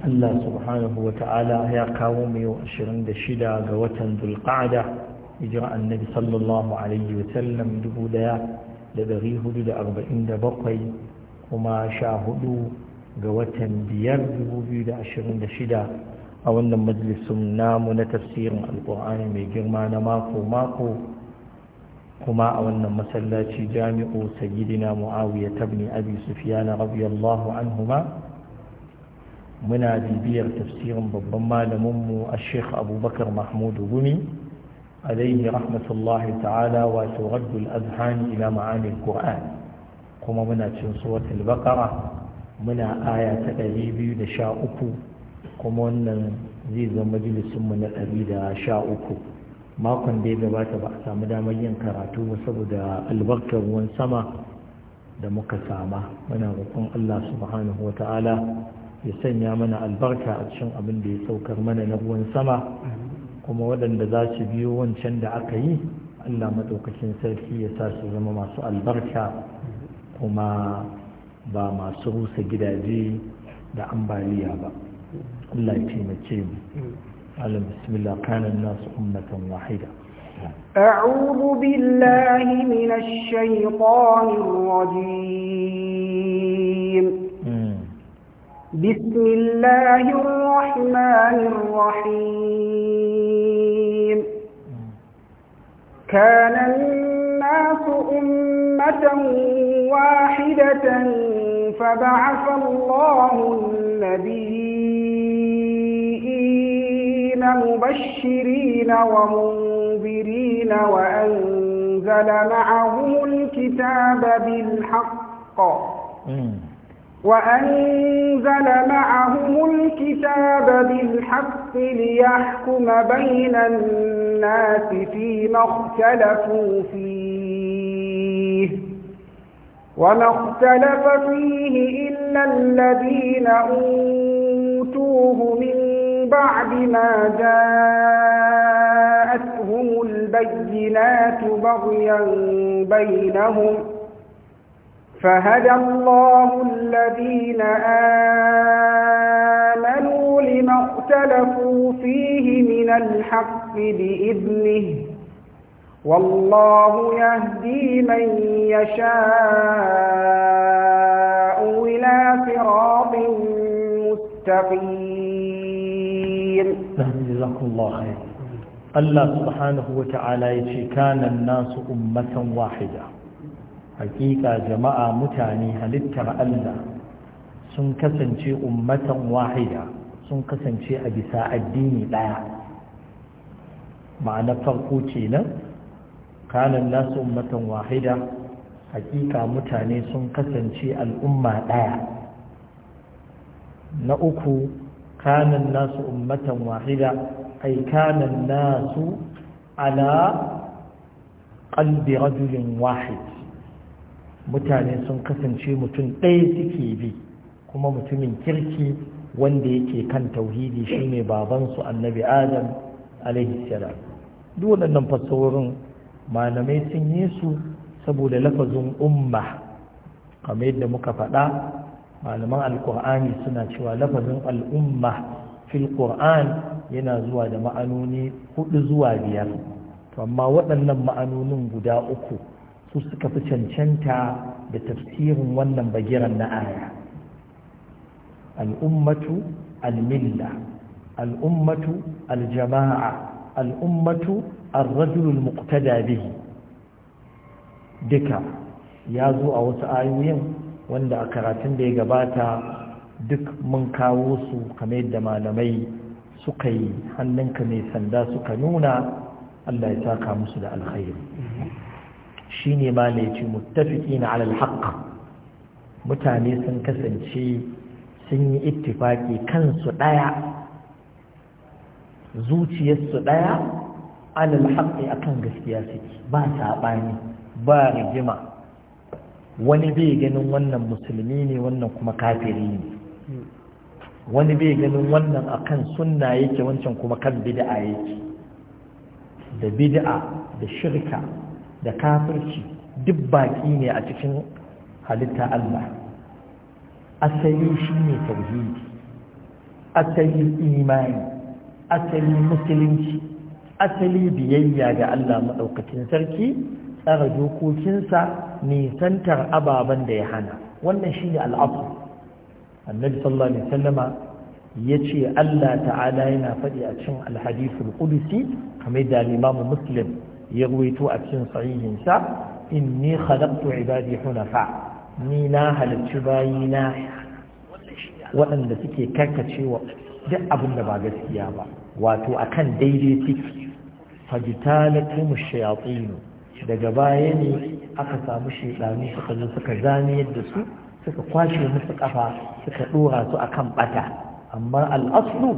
Allah subhanahu wa ta'ala ya kawo mu yau 26 ga watan Zulqa'da hijira annabi sallallahu alaihi wa sallam 1447 kuma 14 ga watan 5,2026 a wannan majalisun namu na tafsirin alƙur'ani mai girma na mako-mako kuma a wannan masallaci jami'u sayyidina muawiya tabni abi sufiyana radiyallahu anhuma muna bibiyar tafsirin babban malaminmu a sheikh abubakar mahmudu gumi alaihi rahmatullahi ta'ala wa raddul azhani ila ma'anin qur'an kuma muna cin suratul baqara muna aya ta 213 kuma wannan zai zama majalisunmu na 113 makon da ya gabata ba a samu damar yin karatu ba saboda albarkar ruwan sama da muka sama muna roƙon Allah subhanahu wa ta'ala ya sanya mana albarka a cikin abin da ya saukar mana na ruwan sama kuma waɗanda za su biyo wancan da aka yi allah maɗaukakin sarki ya sa su zama masu albarka kuma ba masu rusa gidaje da ambaliya ba allah ya taimake mu alam bismillah kanan nasu ummatan wahida أعوذ بالله من الشيطان الرجيم بسم الله الرحمن الرحيم كان الناس أمة واحدة فبعث الله النبيين مبشرين ومنذرين وأنزل معهم الكتاب بالحق وأنزل معهم الكتاب بالحق ليحكم بين الناس فيما اختلفوا فيه وما اختلف فيه إلا الذين أوتوه من بعد ما جاءتهم البينات بغيا بينهم فهدى الله الذين آمنوا لما اختلفوا فيه من الحق بإذنه والله يهدي من يشاء إلى صراط مستقيم جزاكم الله خير الله سبحانه وتعالى يشي كان الناس أمة واحدة hakika jama'a mutane halittar Allah sun kasance ummatan wahida sun kasance a bisa addini ɗaya ma'ana farko kenan kanan nasu ummatan wahida hakika mutane sun kasance al'umma ɗaya na uku kanan nasu ummatan wahida ai kanan nasu ala ƙalbi rajulin wahid mutane sun kasance mutum ɗaya suke bi kuma mutumin kirki wanda yake kan tauhidi shine babansu annabi adam alaihi salam duk waɗannan fassarorin malamai sun yi su saboda lafazin umma kamar yadda muka faɗa malaman alkur'ani suna cewa lafazin al'umma fil qur'an yana zuwa da ma'anoni hudu zuwa biyar amma waɗannan ma'anonin guda uku su suka fi cancanta da tafsirin wannan bagiran na aya al'ummatu al-milla al'ummatu al-jama'a al'ummatu al-rajulul muqtada bihi duka ya zo a wasu ayoyin wanda a karatun da ya gabata duk mun kawo su kamar yadda malamai suka yi hannunka mai sanda suka nuna Allah ya saka musu da alkhairi Shi ne ma ne ce na alal haƙƙa. mutane sun kasance sun yi ittifaki kansu ɗaya, zuciyarsu ɗaya, ala a akan gaskiya suke ba saɓani, ba rigima wani bai ganin wannan musulmi ne wannan kuma kafiri ne wani bai ganin wannan akan sunna yake wancan kuma kan bid'a yake da bid'a da shirka da kafirci duk baki ne a cikin halitta Allah asali shine tauhidi asali imani asali musulunci asali biyayya ga Allah maɗaukacin sarki tsara dokokinsa nisantar ababen da ya hana wannan shine al'afu annabi sallallahu alaihi ya ce Allah ta'ala yana faɗi a cikin alhadisul hadithul qudsi kamar da Imam Muslim ya ruwaito a cikin sahihinsa inni khalaqtu ibadi hunafa ni na halicci bayina waɗanda suke karkacewa duk abin da ba gaskiya ba wato akan daidai ciki fajitalakum shayatin daga baya ne aka samu shaidanu suka zo suka zane yadda su suka kwashe musu kafa suka dora su akan bata amma al'aslu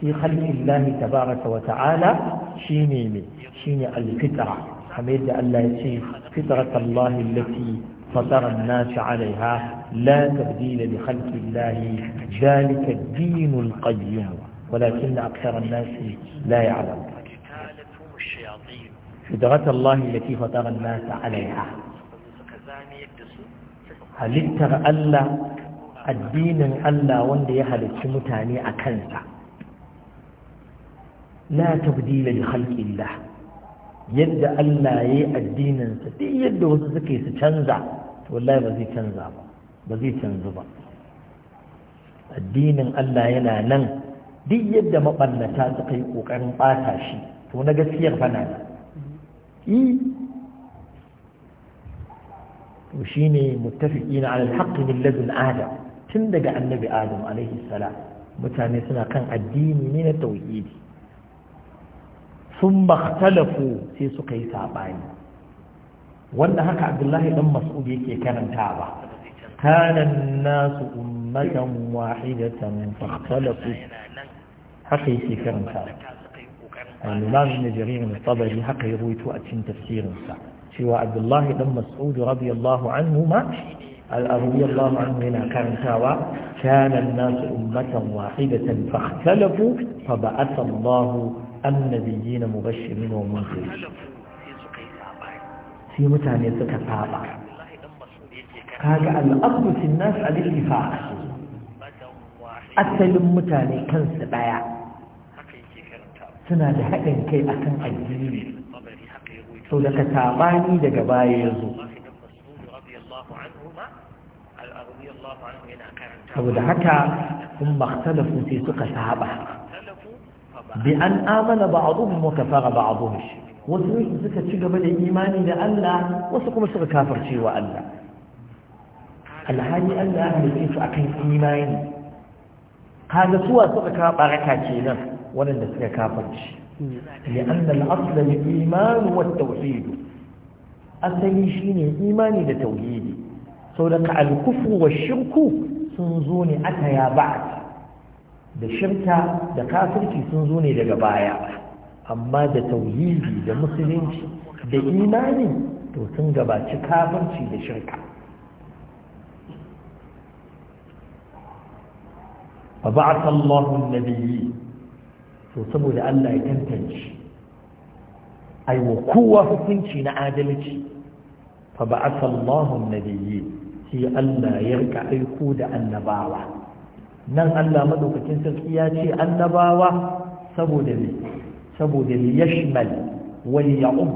في خلق الله تبارك وتعالى شيني شيني الفطرة حميد الله يشي فطرة الله التي فطر الناس عليها لا تبديل لخلق الله ذلك الدين القيم ولكن أكثر الناس لا يعلم فطرة الله التي فطر الناس عليها هل ترى الله الدين الله ya halicci mutane a la tabdila li khalqillah yadda Allah yayi addinin sa duk yadda wasu suke su canza to wallahi ba zai canza ba ba zai canzu ba addinin Allah yana nan duk yadda mabannata suka yi ƙoƙarin bata shi to na gaskiyar bana da i to shine muttafiqina ala al-haqq min ladun adam tun daga annabi adam alaihi salam mutane suna kan addini ne na tauhidi sun makhtalafu sai suka yi saɓani wanda haka abdullahi dan mas'ud yake karanta ba kanan nasu ummatan wahidatan fakhtalafu haka yake karanta al-imam ibn jarir al-tabari haka ya ruwaito a cikin tafsirinsa cewa abdullahi dan mas'ud radiyallahu anhu ma رضي الله عنه هنا كان سوا كان الناس أمة واحدة فاختلفوا فبعث الله annabiyina mubashirin wa munzir sai mutane suka saba kaga al'abdu fil nas al-ittifaq asalin mutane kansu daya suna da haɗin kai akan addini to daga sabani daga baya yazo saboda haka sun makhtalafu sai suka saba bi an amana ba'dhum wa kafara ba'dhum wasu suka ci gaba da imani da Allah wasu kuma suka kafirce wa Allah alhali Allah ya halice su akan imani kaga suwa suka ka baraka kenan wanda suka kafirce لأن الأصل الإيمان والتوحيد asali shine imani da tauhidi saboda ka alkufu wa shirku sun zo ne aka ya da shirka da kafirci sun zo ne daga baya amma da tauhidi da musulunci da imani to sun gabaci kafirci da shirka fa ba'atha Allahu an-nabiyyi to saboda Allah ya tantance aiwa wa kowa hukunci na adalci fa ba'atha Allahu an-nabiyyi sai Allah ya rika aiko da annabawa nan Allah madaukakin sarki ya ce annabawa saboda ne saboda liyashmal wal ya'um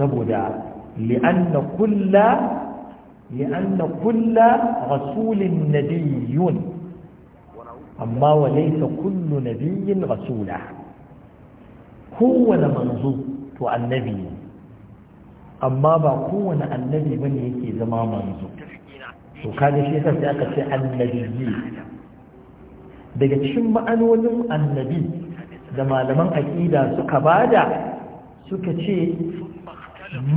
saboda li'anna kulla li'anna kulla rasulin nabiyyun amma wa laysa kullu nabiyyin rasula kowane manzo to annabi amma ba kowane annabi bane yake zama manzo to kaga shi yasa sai aka ce annabiyyi daga cikin ma'anonin annabi da malaman aqida suka bada suka ce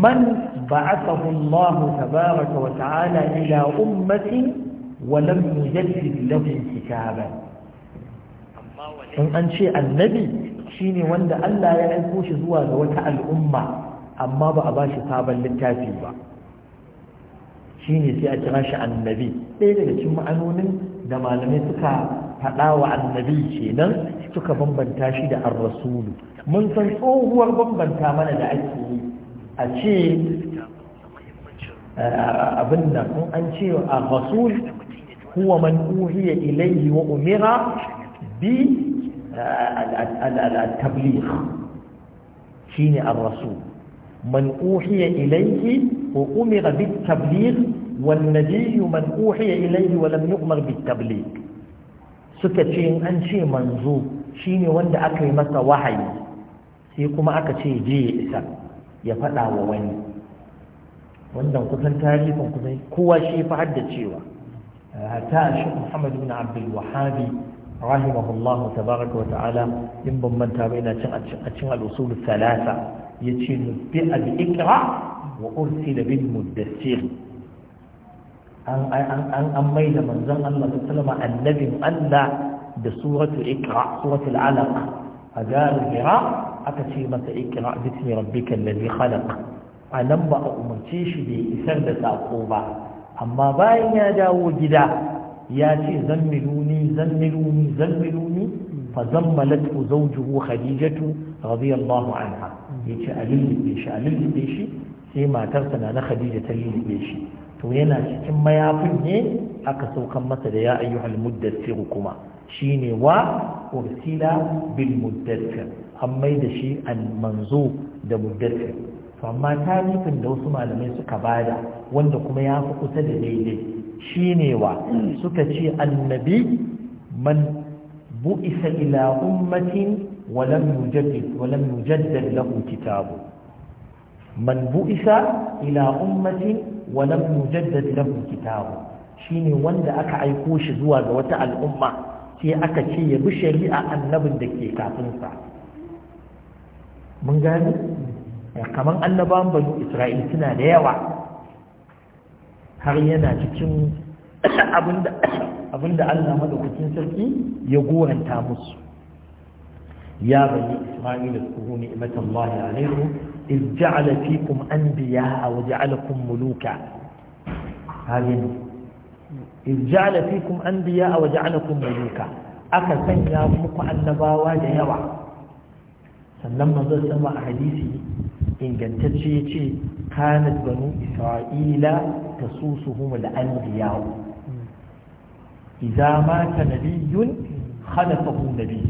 man ba'athahu Allah tabaaraka wa ta'ala ila ummati wa lam yujaddid lahu kitaban in an ce annabi shine wanda Allah ya aiko shi zuwa ga wata al'umma amma ba a ba shi sabon littafi ba shine sai a kira shi annabi ɗaya daga cikin ma'anonin da malamai suka faɗa wa annabi kenan suka bambanta shi da ar-rasulu mun san tsohuwar bambanta mana da ake yi a ce abin da kun an ce ar-rasul huwa man uhiya ilayhi wa umira bi al-tabligh shine ar-rasul man uhiya ilayhi wa umira وأمر tabligh والنبي من أوحي إليه ولم يؤمر بالتبليغ سكتين أنشي منزو شيني وند أكي مسا وحي سيكما أكتي جي إسا يفتا ووني وند كتن تاريخ كتن كوا شي فعد شيوا حتى الشيخ محمد بن عبد الوهابي رحمه الله تبارك وتعالى إن بمن تابعنا أتشن الأصول الثلاثة يتشن بئة بإقرأ وأرسل بالمدسير an an an mai da manzon Allah Ta sallama annabin Allah da suratul ikra suratul alaq a garin hira aka ce masa iqra bismi rabbikal ladhi khalaq a nan ba a umarce shi bai isar da sako ba amma bayan ya dawo gida ya ce zammiluni zammiluni zammiluni fa zammalatu zawjuhu khadijatu radiyallahu anha yace alilbe shi alilbe shi sai matarsa na na khadija ta lilbe shi to yana cikin mayafin ne aka saukan masa da ya ayyuhal muddassir kuma shine wa ursila bil muddassir an mai da shi an manzo da muddassir to amma nufin da wasu malamai suka bada wanda kuma ya fi kusa da daidai shine wa suka ce annabi man bu'isa ila ummatin walam yujaddid walam yujaddad lahu man bu'isa ila ummatin walam yujaddad lahu kitabu shine wanda aka aiko shi zuwa ga wata al'umma sai aka ce ya bi shari'a annabin da ke kafin sa mun gani kamar annabawan banu isra'il suna da yawa har yana cikin abinda Allah madaukakin sarki ya goranta musu ya bani isma'il ku ni'matallahi alaikum إذ جعل فيكم أنبياء وجعلكم ملوكا هذه إذ جعل فيكم أنبياء وجعلكم ملوكا aka sanya muku annabawa da yawa sannan manzo sama a hadisi ingantacce ya ce kanat banu isra'ila tasusuhum al-anbiya idza mata nabiyyun khalafahu nabiy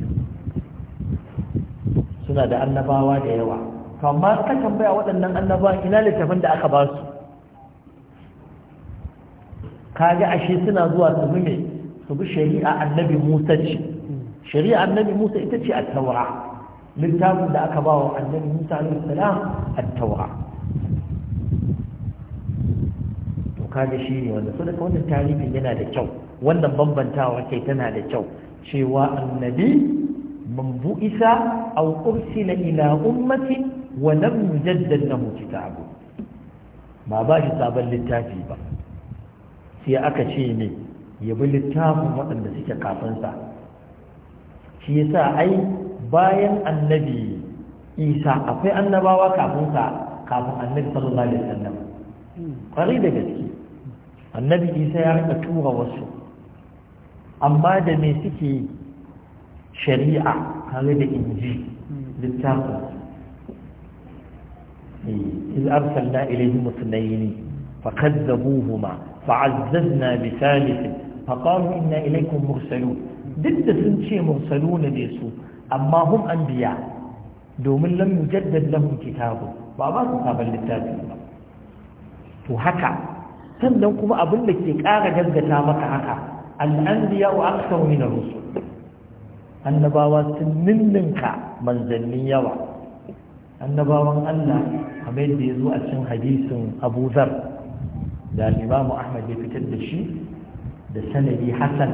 suna da annabawa da yawa to amma ka tambaya waɗannan annaba ina littafin da aka ba su kaga ashe suna zuwa su bi mai su bi shari'a annabi musa ce shari'a annabi musa ita ce at-taura littafin da aka ba wa annabi musa alaihi salam at-taura to shi ne wanda so daga wannan tarihin yana da kyau wannan bambantawa kai tana da kyau cewa annabi man bu'isa aw ursila ila ummatin wa lam na lahu kitabu ba ba shi sabon littafi ba sai aka ce ne ya bi littafin waɗanda suke kafinsa shi yasa ai bayan annabi isa akwai annabawa kafinsa kafin annabi sallallahu alaihi wasallam kare da gaske annabi isa ya rika tura wasu amma da me suke shari'a tare da inji littafin إذ أرسلنا إليهم اثنين فكذبوهما فعززنا بثالث فقالوا إنا إليكم مرسلون ضد سنشي مرسلون ليسوا أما هم أنبياء دوم لم يجدد لهم كتاب بابا كتاب للتابعين وهكا sannan kuma abin da ke ƙara gaggata maka haka al'anbiya wa aksaru min rusul annabawa sun ninninka manzannin yawa annabawan Allah kamar yadda ya zo a cikin hadisin Abu Zar da Imam Ahmad ya fitar da shi da sanadi Hassan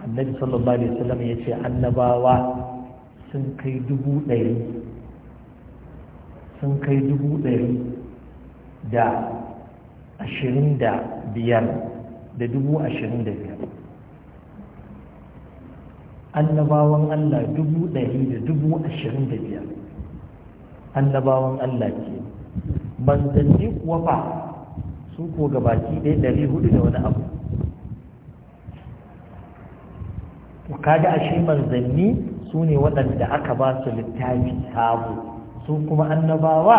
annabi sallallahu alaihi wasallam ya ce annabawa sun kai dubu ɗari sun kai dubu ɗari da ashirin da biyar da dubu ashirin da biyar annabawan Allah dubu ɗari da dubu ashirin da biyar annabawan Allah ke manzanni kuwa fa su ko gabaki ɗaya ɗari hudu da wani abu to kaga ashe manzanni su ne waɗanda aka ba su littafi sabu su kuma annabawa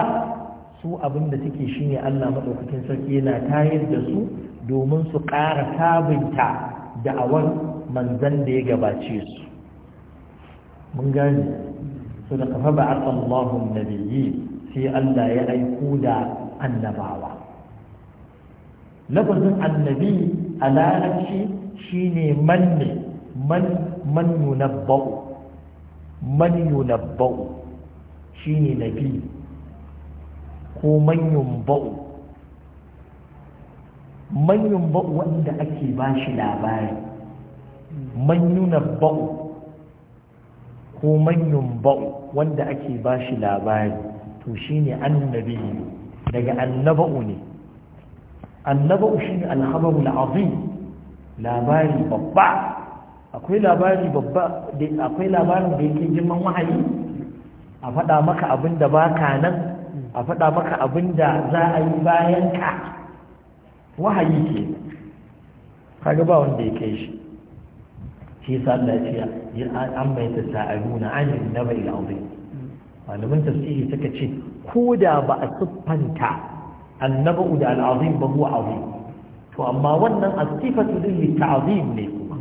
su abin da suke ne Allah maɗaukakin sarki yana tayar da su domin su ƙara sabunta da'awar manzan da ya gabace su mun gani to da kafa ba aka Allahun nabiyyi sai Allah ya aiko da annabawa lafazin annabi a larabci shine man ne man man yunabba'u man yunabba'u shine nabi ko man yumba'u man yumba'u wanda ake bashi labari man yunabba'u ko manyan ba'u wanda ake ba shi labari to shi ne annabi daga annaba'u ne annaba'u shi ne alhabarul azim labari babba akwai labari babba akwai labarin da yake girman wahayi a faɗa maka abin da ba ka nan a faɗa maka abin da za a yi bayan ka wahayi ke kaga ba wanda ya kai shi shi yasa Allah ya ce an mai ta sa'aluna an na bai al'azim malaman tafsiri suka ce ko da ba a siffanta annabu da al'azim ba huwa azim to amma wannan asifatu din ta'zim ne kuma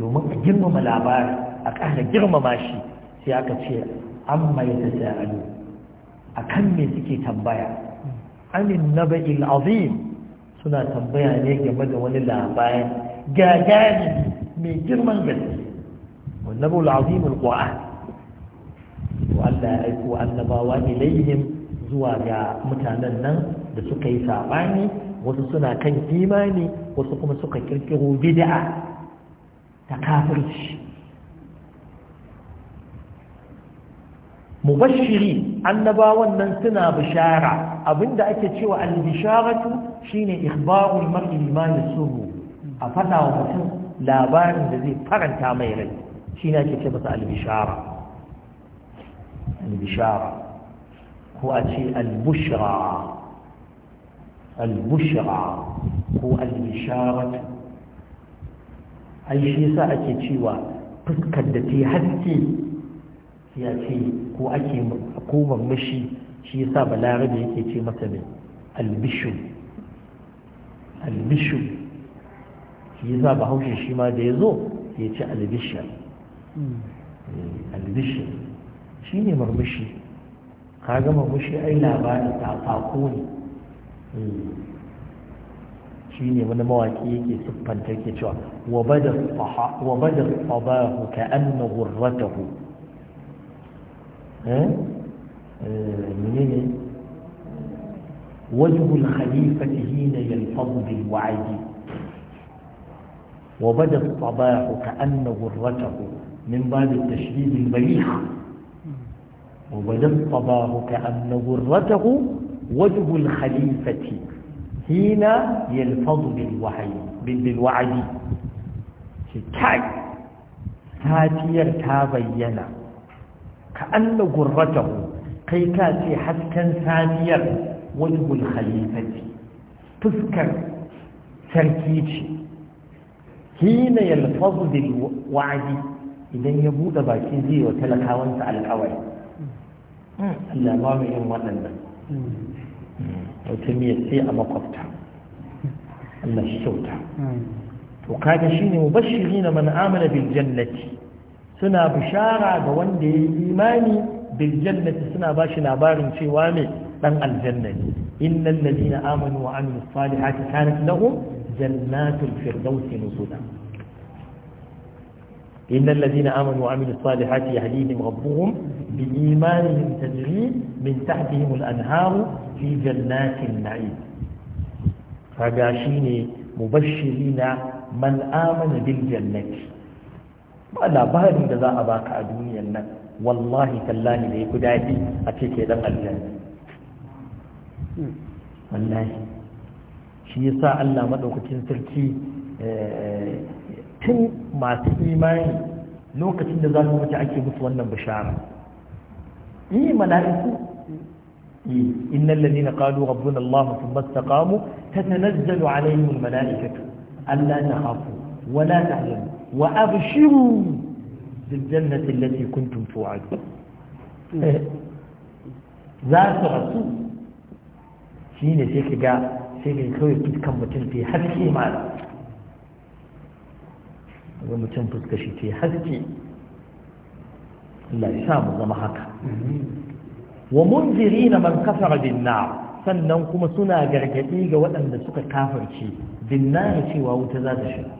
domin a girmama labari a ƙara girmama shi sai aka ce an mai ta sa'alu akan me suke tambaya naba naba'il azim suna tambaya ne game da wani labarin. gagari mai girman gaske والنبي العظيم القرآن وألا أيكو zuwa ga mutanen nan da suka yi saɓani wasu suna kan imani wasu kuma suka kirkiro bid'a ta kafirci mubashiri annabawan nan suna bishara abinda ake cewa al'bisharatu shine ikhbarul mar'i bima yasuru a faɗa wa mutum labarin da zai faranta mai rai shi ne ake ce masa albishara albishara ko a ce albushra albushra ko albisharatu ai shi yasa ake cewa fuskar da ta yi haske ya ce ko ake koman mashi shi yasa balarabe yake ce masa ne albishu albishu shi yasa bahaushe shi ma da ya zo ya ci albishir albishir shi ne murmushi ka ga murmushi ai labari ta sako ne shi ne wani mawaki yake siffanta yake cewa wa bada sabahu ka anna gurratahu eh menene وجه الخليفة حين يلفظ بالوعد وبدا الصباح كأن غرته من باب التشديد البليغ وبدا الصباح كأن غرته وجه الخليفة حين يلفظ بالوحي بالوعد كاي ساتير تابينا كأن غرته كي كاتي حسكا ثانيا وجه الخليفة تذكر تركيتي hina yalfazu bil wa'di idan ya bude baki zai wa talakawansa alƙawari Allah ba mu yin waɗannan wata miyar sai a makwabta Allah shi kyauta to kaga shine na man amana bil jannati suna bishara ga wanda ya yi imani bil jannati suna ba shi labarin cewa ne dan aljanna ne innal ladina amanu wa amilus salihati kanat lahum جنات الفردوس نزلا إن الذين آمنوا وعملوا الصالحات يهديهم ربهم بإيمانهم تجري من تحتهم الأنهار في جنات النعيم فقاشيني مبشرين من آمن بالجنة ولا بارد جزاء أباك أدوني النك والله تلاني ليكو دادي أتيك دم الجنة والله shi ya sa allah maɗaukakin sarki eh, tun masu imani lokacin da za su wuce ake musu wannan bishara yi mala'iku yi innan lalli na ƙalu rabbin allah su masta ƙamu ta tanazzalu alayhim mala'ikatu allah ta hafu wala ta hajjani wa abshiru biljannati allati kuntum tu'adu eh, za su rasu shine sai ka ga sai ga kawai fuskan mutum ta haske malam ga mutum fuska shi ta haske Allah ya sa mu zama haka wa munziri na man kafara bin sannan kuma suna gargaɗi ga waɗanda suka kafarci dinna ya cewa wuta za ta shiga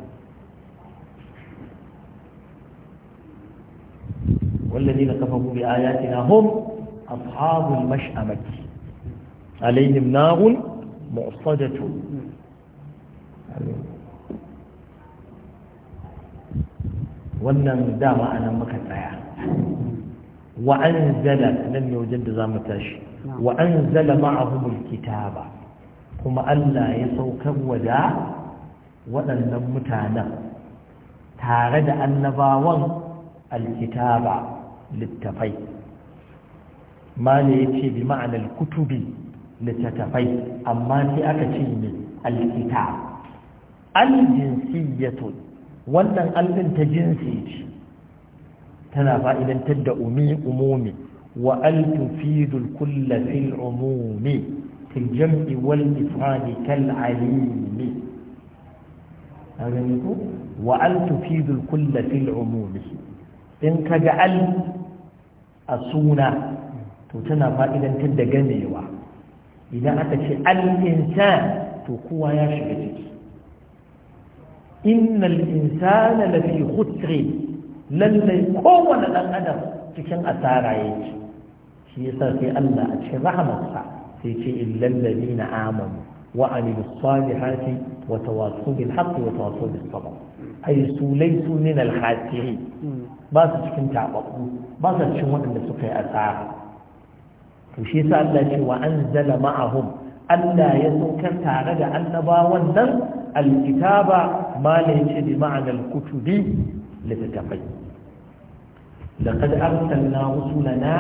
والذين كفروا بآياتنا هم أصحاب المشأمة عليهم نار mu'sadatu wannan dama a nan muka tsaya wa anzala nan ne wajen da za mu tashi Wa'anzala anzala ma'ahumul kitaba kuma Allah ya saukar wada waɗannan mutanen tare da annabawan alkitaba littafai ma ne ya ce bi ma'anar kutubin. littattafai amma sai aka ce ne alkita aljinsiyatu wannan alɗin ta jinsi ce tana fa'idantar da umi umumi wa altufidul kulla fil umumi fil jam'i wal ifradi kal alimi wa altufidul kulla fil umumi in ka ga al a suna to tana fa'idantar da ganewa idan aka ce alinsan to kowa ya shiga ciki innal insana lafi khusri lallai kowane dan adam cikin asara yake shi yasa sai Allah a cikin rahamarsa sai ce illal na amanu wa amilus salihati wa tawassaw bil haqqi wa tawassaw bis sabr ay su laysu min al khasirin hmm. ba su cikin tabaku ba su cikin waɗanda suka yi asara to shi yasa Allah ce wa anzala ma'ahum Allah ya saukar tare da annabawan nan alkitaba ma ce bi ma'anar kutubi littattafai لقد أرسلنا رسلنا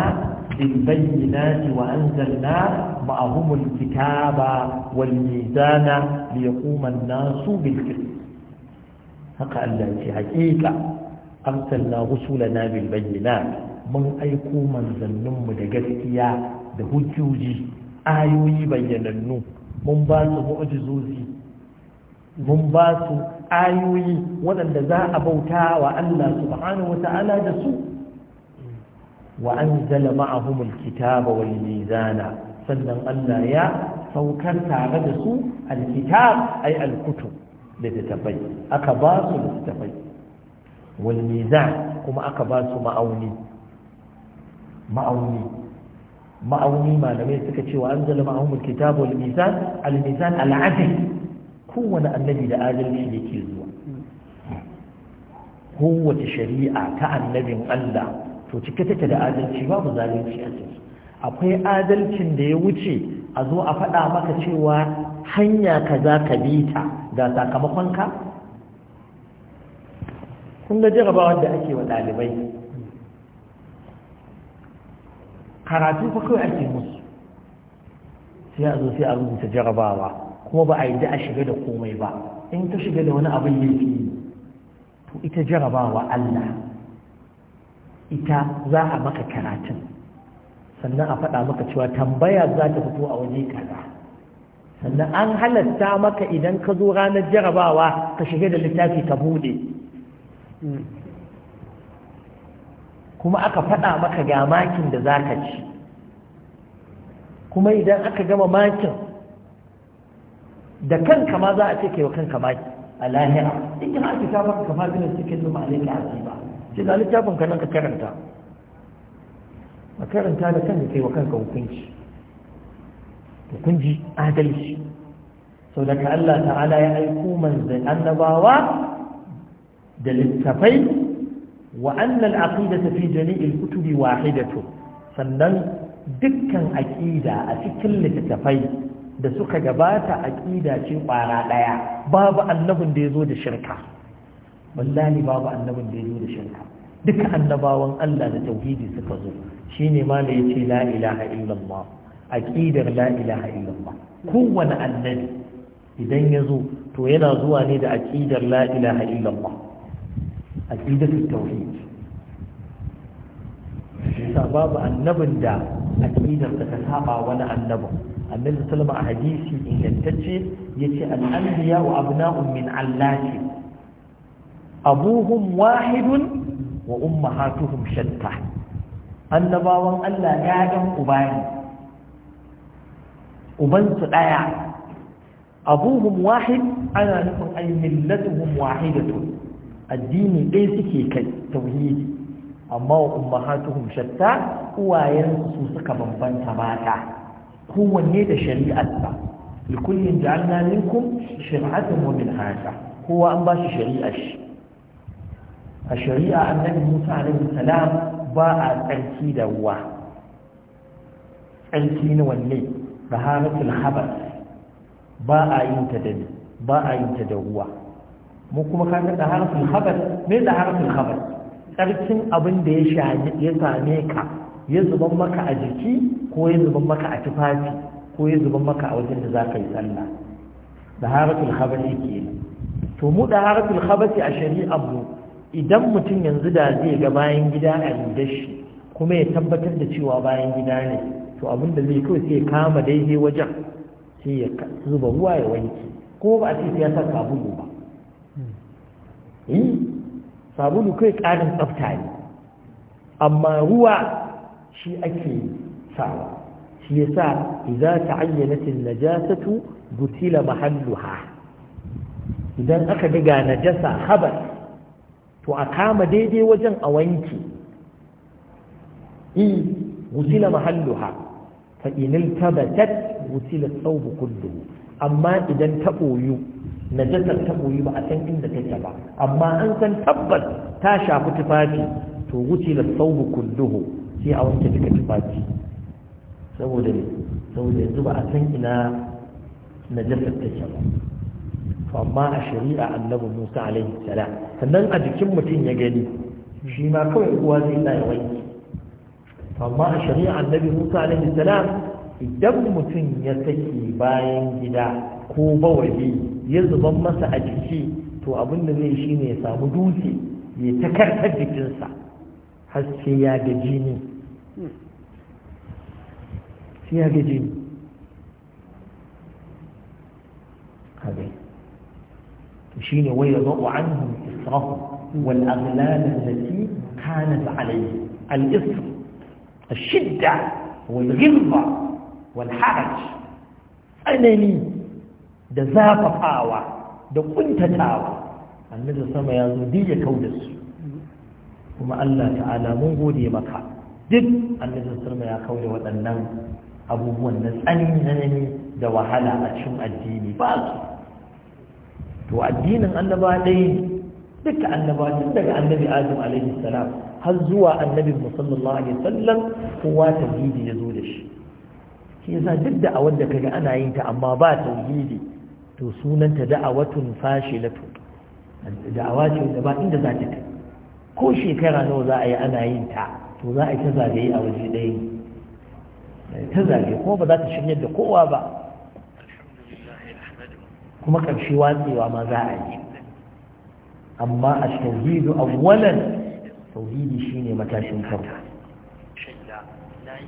بالبينات وأنزلنا معهم الكتاب والميزان ليقوم الناس بالقسط هكا الله حقيقة أرسلنا رسلنا بالبينات mun aiko manzanninmu da gaskiya da hujjoji ayoyi bayyanannu mun ba su mu'jizozi mun ba su ayoyi waɗanda za a bauta wa Allah subhanahu wa ta'ala da su wa anzala ma'ahumul kitaba wal mizana sannan Allah ya saukar tare da su alkitab ay alkutub littattafai aka ba su littattafai wal mizan kuma aka ba su ma'auni ma'auni ma'auni malamai suka ce wa anzala ma'ahumul kitabu wal mizan al mizan al adl kowane annabi da adalci ne yake zuwa kowace shari'a ta annabin Allah to cike take da adalci babu zalunci a ciki akwai adalcin da ya wuce a zo a faɗa maka cewa hanya kaza ka bi ta ga sakamakon ka kun ga jarabawar da ake wa ɗalibai karatu fa kawai ake musu sai a zo sai a rubuta jarabawa kuma ba a yi da a shiga da komai ba in ta shiga da wani abin laifi to ita jarabawa Allah ita za a maka karatun sannan a faɗa maka cewa tambaya za ta fito a waje kaza sannan an halatta maka idan ka zo ranar jarabawa ka shiga da littafi ka buɗe kuma aka faɗa maka ga makin da za ka ci kuma idan aka gama makin da kanka ma za a ce kewa kanka maki a lahira in har aka ta baka kama binin cikin zuma a laika ba ce ga littafin ka nan ka karanta ka karanta da kanka kewa kanka hukunci hukunci adalci sau daga Allah ta'ala ya aiko manzan annabawa da littafai wa annal aqidata fi jami'il kutubi wahidatu sannan dukkan aqida a cikin littattafai da suka gabata aqida ce kwara ɗaya. babu annabin da ya zo da shirka wallahi babu annabin da ya zo da shirka duka annabawan Allah da tauhidi suka zo shine ma da ce la ilaha illallah aqidar la ilaha illallah kowanne annabi idan ya zo to yana zuwa ne da aqidar la ilaha illallah aqidatu tauhid yasa babu annabin da aqidar da ta saba wani annabin annabi sallama a hadisi ingantacce yace al-anbiya wa abna'un min allati abuhum wahidun wa umma ummahatuhum shatta annabawan Allah ƴaƴan uba ne ubansu ɗaya abuhum wahid ana nufin ay millatuhum wahidatun addini ɗaya suke kai tauhidi amma wa ummahatuhum shatta uwayensu su suka bambanta mata kowanne da shari'arsa likullin ja'alna minkum shari'atan wa minhaja kowa an shi shari'a shi a shari'a annabi Musa alaihi salam ba a tsarki da ruwa tsarki na wanne da haratul habas ba a yin ta da ba a yin ta da ruwa mu kuma ka da harfin khabar me da harfin khabar tsarkin abin da ya ya same ka ya zuban maka a jiki ko ya zuban maka a tufafi ko ya zuban maka a wajen da za ka yi sallah da harfin khabar yake to mu da harfin khabar a shari'a mu idan mutum yanzu da zai ga bayan gida a dashi kuma ya tabbatar da cewa bayan gida ne to abin da zai kawai sai kama daidai wajen sai ya zuba ruwa ya wanke ko ba a ce sai ya saka bugu ba eh sabulu kai ƙarin tsafta ne amma ruwa shi ake sawa shi yasa idza ta'ayyanat an-najasatu butila mahalluha idan aka diga najasa khabar to a kama daidai wajen a wanke i eh, butila mahalluha fa inil tabatat butila thawb amma idan ta ɓoyu. najasar ta koyi ba a san inda take ba amma an san tabbas ta shafi tufafi to wuce da sauhu kulluhu sai a wanke duka tufafi saboda ne saboda yanzu ba a san ina najasar take ba to amma a shari'a annabi Musa alaihi salam sannan a jikin mutum ya gani shi ma kawai uwa zai ya wanke to amma a shari'a annabi Musa alaihi salam idan mutum ya saki bayan gida ko bawali ya zuban masa a jiki to abin da zai shi ne ya samu dutse ya takarta jikinsa har sai ya ga jini sai ya ga jini kabe to shi ne wai ya zo anhu israhu wal aghlal allati kanat alayhi al isr الشده wal haraj anani da zafafawa da kuntatawa annabi sama ya zo duk ya kauda su kuma Allah ta'ala mun gode maka duk annabi sama ya kauda waɗannan abubuwan na tsanani da wahala a cikin addini ba su to addinin annaba dai duka annaba tun daga annabi adam alaihi salam har zuwa annabi musallallahu alaihi sallam kowa tauhidi ya zo da shi shi yasa duk da a wanda kaga ana yin ta amma ba tauhidi to sunanta da'awatun fashilatu da'awa ce da ba inda za ta kai ko shekara nawa za a yi ana yin ta to za a ta a waje ɗaya ta zagaye kuma ba za ta shirya da kowa ba kuma ƙarshe watsewa ma za a yi amma a tauhidu awwalan tauhidi shine matashin farko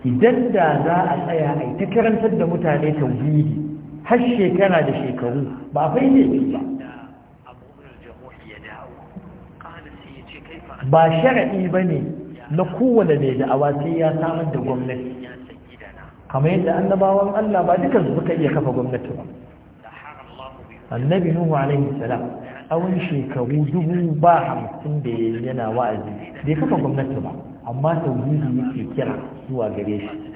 idan da za a tsaya a ta karantar da mutane tauhidi har shekara da shekaru ba fai ne ba ba shara'i ba ne na kowane mai da'awa sai ya samar da gwamnati kamar yadda annabawan Allah ba dukan su suka iya kafa gwamnati ba annabi nuhu alaihi salam awon shekaru dubu ba hamsin da yana wa'azi bai kafa gwamnati ba amma tauhidi yake kira zuwa gare shi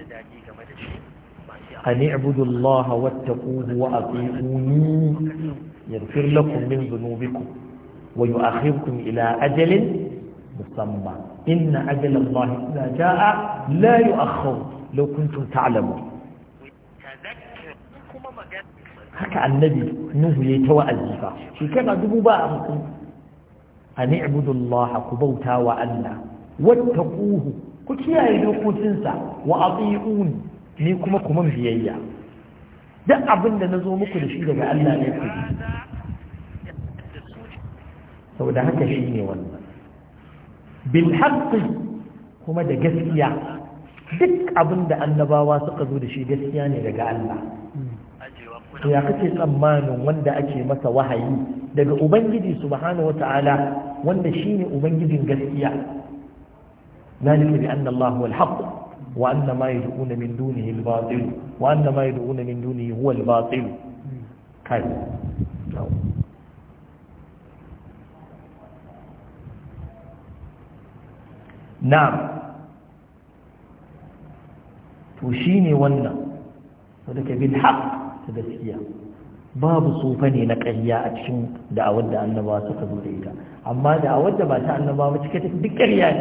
أن اعبدوا الله واتقوه وأطيعوني يغفر لكم من ذنوبكم ويؤخركم إلى أجل مسمى إن أجل الله إذا جاء لا يؤخر لو كنتم تعلمون haka annabi nuhu ya yi ta wa'azi fa shekara dubu ba a mutu a ni'budullaha ku bauta wa Allah wattaquhu ku kiyaye dokokinsa wa ati'uni ni kuma kuma biyayya duk abin da na zo muku da shi daga Allah ne ku da haka shi ne wannan bil haqqi kuma da gaskiya duk abin da annabawa suka zo da shi gaskiya ne daga Allah to ya kace tsammanin wanda ake masa wahayi daga ubangiji subhanahu wataala wanda shine ubangijin gaskiya ذلك بأن الله هو الحق وأن ما يدعون من دونه الباطل وأن ما يدعون من دونه هو الباطل كذا نعم, نعم. تشيني ونا ولك بالحق تبسيا باب صوفني نقيا أتشم دعوة أن ما سقط ذلك أما دعوة ما سأل ما مشكتك بكريان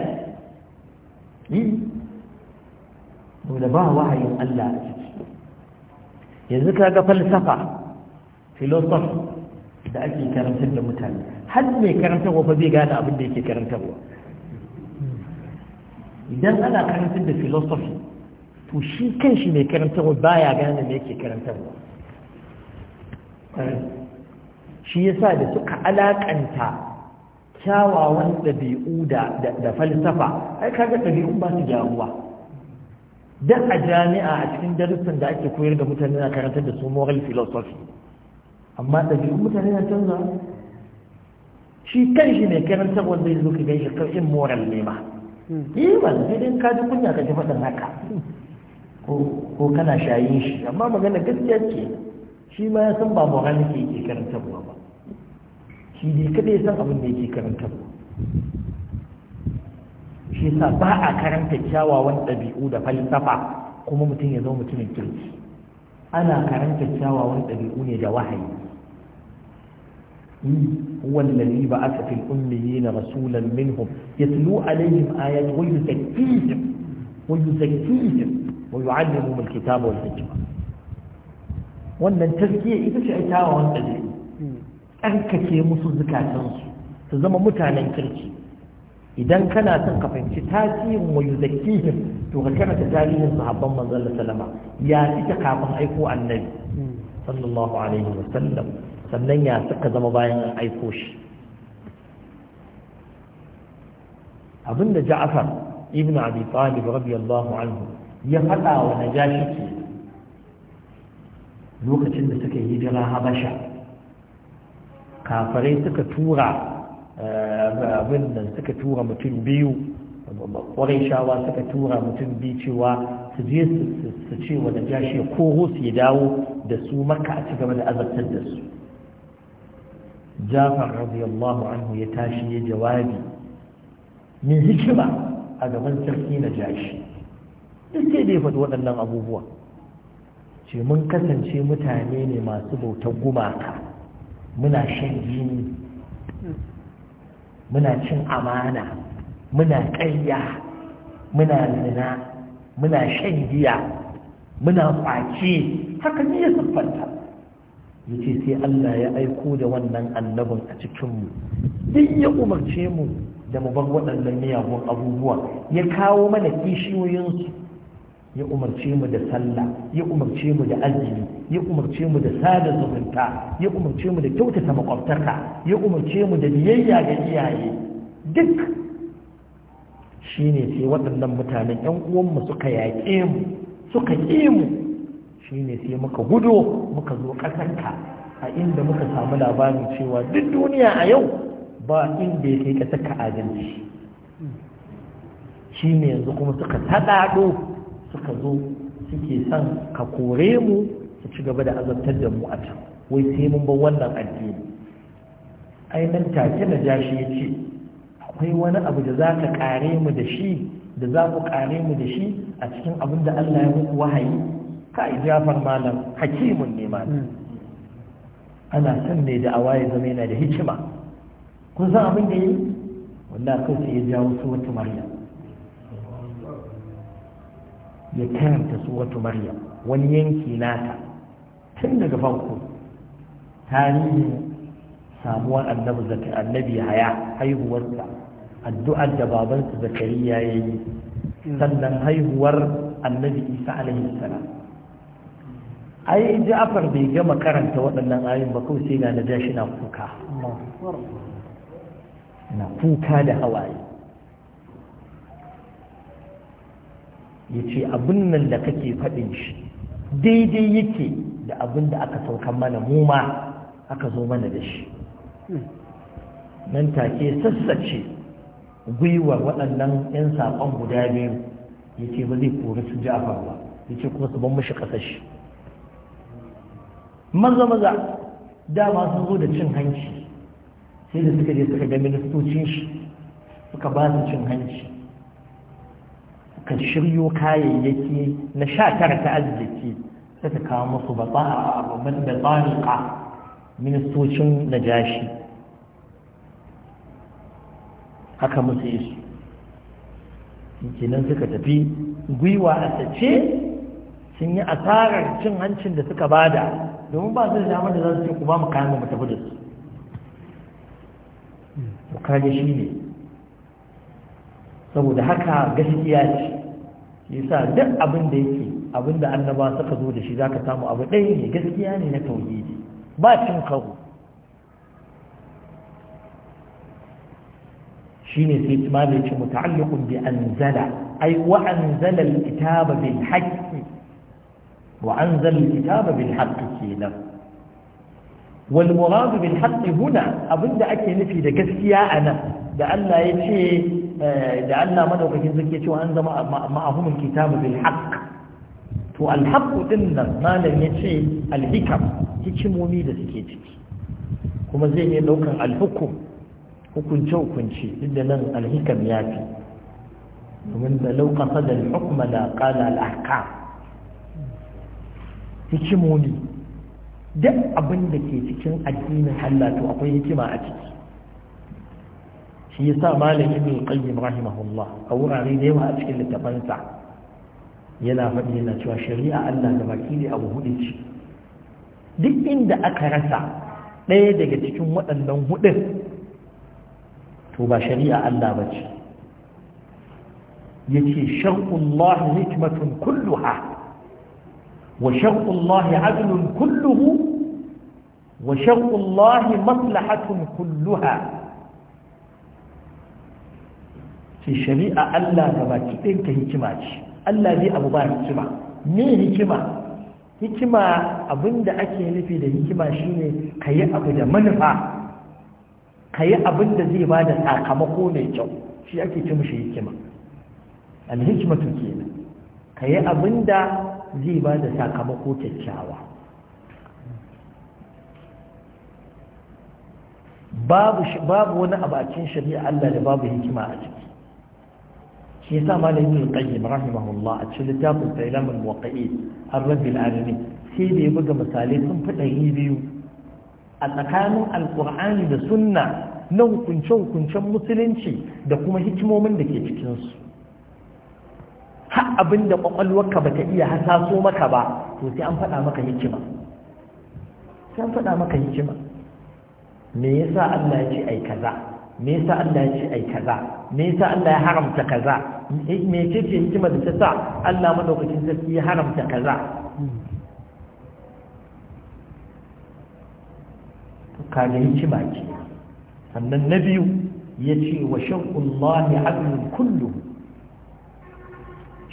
إيه؟ saboda ba wahayin Allah a ciki yanzu ka ga falsafa filosof da ake karantar da mutane har mai karantarwa fa zai gane abin da yake karantarwa idan ana karantar da filosofi to shi kan shi mai karantarwa baya gane me yake karantarwa shi yasa da suka alakanta kyawawan ɗabi'u da falsafa ai kaga ɗabi'u ba su gyaruwa duk a jami'a a cikin darussan da ake koyar da mutane na karantar da su moral philosophy amma ɗabi'un mutane na canza shi kan shi ne karantar wanda ya zo ka gaishe karfin moral ne ma iman hmm. eh, sai dai ka ji kunya ka ji faɗin haka ko kana shayin shi amma magana gaskiya ce shi ma ya san ba moral ne ke karantarwa ba shi dai kada ya san abin da yake karantarwa shi yasa ba a karanta kyawawan ɗabi'u da falsafa kuma mutum ya zo mutumin kirki ana karanta kyawawan ɗabi'u ne da wahayi hmm, wallazi ba aka fil ummiyin rasulan minhum yatlu alaihim ayat wa yuzakkihim wa yuzakkihim wa yu'allimuhum alkitaba wal hikma wannan tazkiya ita ce a kyawawan ɗabi'u hmm. tsarkake musu zukatansu su zama mutanen kirki idan kana son ka fahimci tasirin wa yuzakkihim to ka karanta tarihin sahabban manzon Allah sallama ya fita kafin aiko annabi sallallahu alaihi wa sallam sannan ya suka zama bayan aiko shi abinda Ja'far ibn Abi Talib radiyallahu anhu ya faɗawa wa Najashi ke lokacin da suka hijira Habasha kafarai suka tura abin nan suka tura mutum biyu ƙwarai shawa suka tura mutum biyu cewa su je su ce wa da jashi ko su ya dawo da su maka a cigaba da azabtar da su jafar radiyallahu anhu ya tashi ya jawabi min hikima a gaban sarki na jashi duk sai da ya faɗi waɗannan abubuwa ce mun kasance mutane ne masu bautar gumaka muna shan jini muna cin amana muna ƙayya muna zina muna shan giya muna kwace haka ne ya siffanta ya ce sai Allah ya aiko da wannan annabin a cikinmu duk ya umarce mu da mu bar waɗannan miyagun abubuwa ya kawo mana kishiyoyinsu ya umarce mu da sallah ya umarce mu da azumi ya umarce mu da sada zumunta ya umarce mu da kyautata makwabtaka ya umarce mu da biyayya ga iyaye duk shine sai waɗannan mutanen ƴan uwanmu suka yaƙe mu suka ƙi mu shine sai muka gudo muka zo ƙasarka a inda muka samu labarin cewa duk duniya a yau ba inda ya kai ƙasarka adalci shine yanzu kuma suka taɗaɗo suka zo suke son ka kore mu su ci gaba da azabtar da mu a can wai sai mun bar wannan addini ai nan take na jashi ya ce akwai wani abu da za ka kare mu da shi da za ku kare mu da shi a cikin abin da Allah ya muku wahayi ka jafar malam hakimun ne malam hmm. ana son ne da awaye zama yana da hikima kun san abin da yi wanda kai sai ya jawo su wata maryam ya karanta suratu maryam wani yanki nata tun daga farko tarihin samuwar annabi zakar annabi haya haihuwarsa addu'ar da babansa zakariya ya yi sannan haihuwar annabi isa alaihi salam ai ja'far bai gama karanta waɗannan ayoyin ba kawai sai ga na na kuka na kuka da hawaye ya ce abin nan da kake faɗin shi daidai yake da abin da aka saukan mana mu ma aka zo mana da shi nan take sassace gwiwar waɗannan 'yan saƙon guda biyu ya ce ba zai kori su ja'afar ba ya ce kuma su ban mashi ƙasar maza maza dama sun zo da cin hanci sai da suka je suka ga ministocin shi suka ba su cin hanci Ka shiryo kayayyaki na sha tara ta arziki suka kawo musu ba, babban da tsaniƙa ministocin najashi haka musu isu kenan suka tafi gwiwa a sace sun yi asarar cin hancin da suka bada domin ba su da damar da za su ce ku ba mu kayan mu tafi da su mu kare shi ne saboda haka gaskiya ce yasa duk abin da yake abin da annaba suka zo da shi zaka samu abu ɗaya ne gaskiya ne na tauhidi ba cin karo shine sai imam ya ce muta'alliqun bi anzala ay wa anzala kitaba bil haqqi wa anzala bil haqqi kenan wal murad bil haqqi huna abinda ake nufi da gaskiya anan da Allah ya ce Eh, da Allah madaukakin zake cewa an zama ma'ahumul kitabu bil haqq to al haqq din nan malam yace al hikam hikimomi da suke ciki kuma zai iya daukan al hukum hukunce hukunci duk da nan al hikam ya fi domin da lauka qasada al hukma la qala al ahkam hikimomi duk abin da ke cikin addinin Allah to akwai hikima a ciki shi yasa malam ibn qayyim rahimahullah a wurare da yawa a cikin littafansa yana faɗi yana cewa shari'a Allah da baki ne abu hudu ce duk inda aka rasa ɗaya daga cikin waɗannan hudun to ba shari'a Allah ba ce yace shar'ullah hikmatun kulluha wa shar'ullah adlun kulluhu wa shar'ullah maslahatun kulluha ce shari'a Allah ga baki ɗin ta hikima ce Allah zai abu ba hikima ne hikima hikima abinda ake nufi da hikima shine ka yi abu da manufa ka yi abin da zai ba da sakamako mai kyau shi ake ci mushi hikima alhikimatu kenan ka yi abin da zai ba da sakamako kyakkyawa babu wani abacin shari'a Allah da babu hikima a ciki shi sa malam ibn qayyim rahimahullah a cikin littafin sa ilamul muwaqqi'i ar-rabbil sai da ya buga misalai sun fi ɗari biyu a tsakanin Alƙur'ani da sunna na hukunce hukuncen musulunci da kuma hikimomin da ke cikin su har abin da kwakwalwarka bata iya hasaso maka ba to sai an faɗa maka hikima sai an faɗa maka hikima me yasa Allah ya ce ai kaza me yasa Allah ya ce ai kaza me yasa Allah ya haramta kaza me ce ce hikima da ta sa Allah madaukakin sarki ya haramta kaza kaga hikima ce sannan na biyu ya ce wa shaƙullahi abin kullu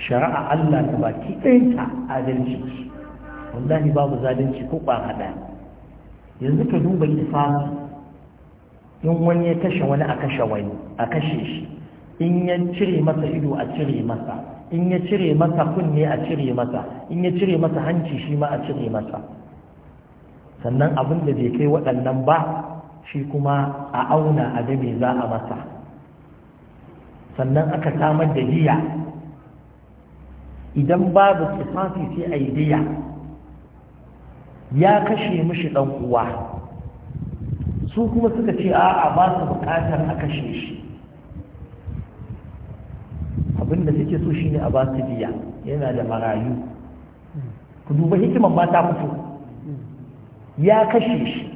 shari'a Allah ta baki ɗayanta adalci wallahi babu zalunci ko ƙwan haɗa yanzu ka duba ifamu in wani ya kashe wani a kashe wani a kashe shi in ya cire masa ido a cire masa in ya cire masa kunne a cire masa in ya cire masa hanci shi ma a cire masa sannan abin da bai kai waɗannan ba shi kuma a auna a ga za a masa sannan aka samar da diya idan babu tsifafi sai a yi diya ya kashe mishi ɗan uwa su kuma suka ce a'a ba su bukatar a kashe shi abinda suke so shine a ba su biya yana da marayu ku duba hikiman ba ta fito ya kashe shi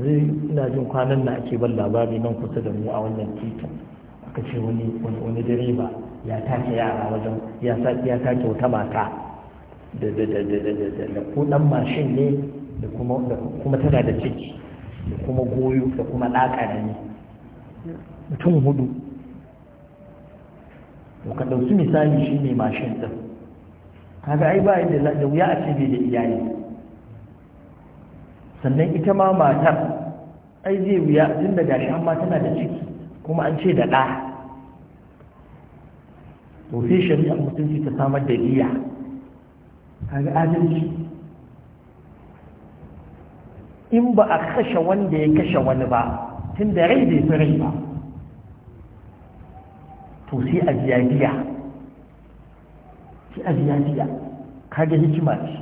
Zai ina jin kwanan na ake ban labari nan kusa da mu a wannan titin aka ce wani wani direba ya take yara wajen ya take wata mata da da da da da da ko da mashin ne da kuma tana da ciki da kuma goyo da kuma da ni. mutum hudu to ka ɗauki misali shi ne mashin ɗin kaga ai ba da wuya a cibi da iyali sannan ita ma matar ai zai wuya tun da gashi amma tana da ciki kuma an ce da ɗa to sai shari'a mutunci ta samar da diya kaga adalci in ba a kashe wanda ya kashe wani ba tun da rai bai fi rai ba to sai a biya sai a biya kage hikima ce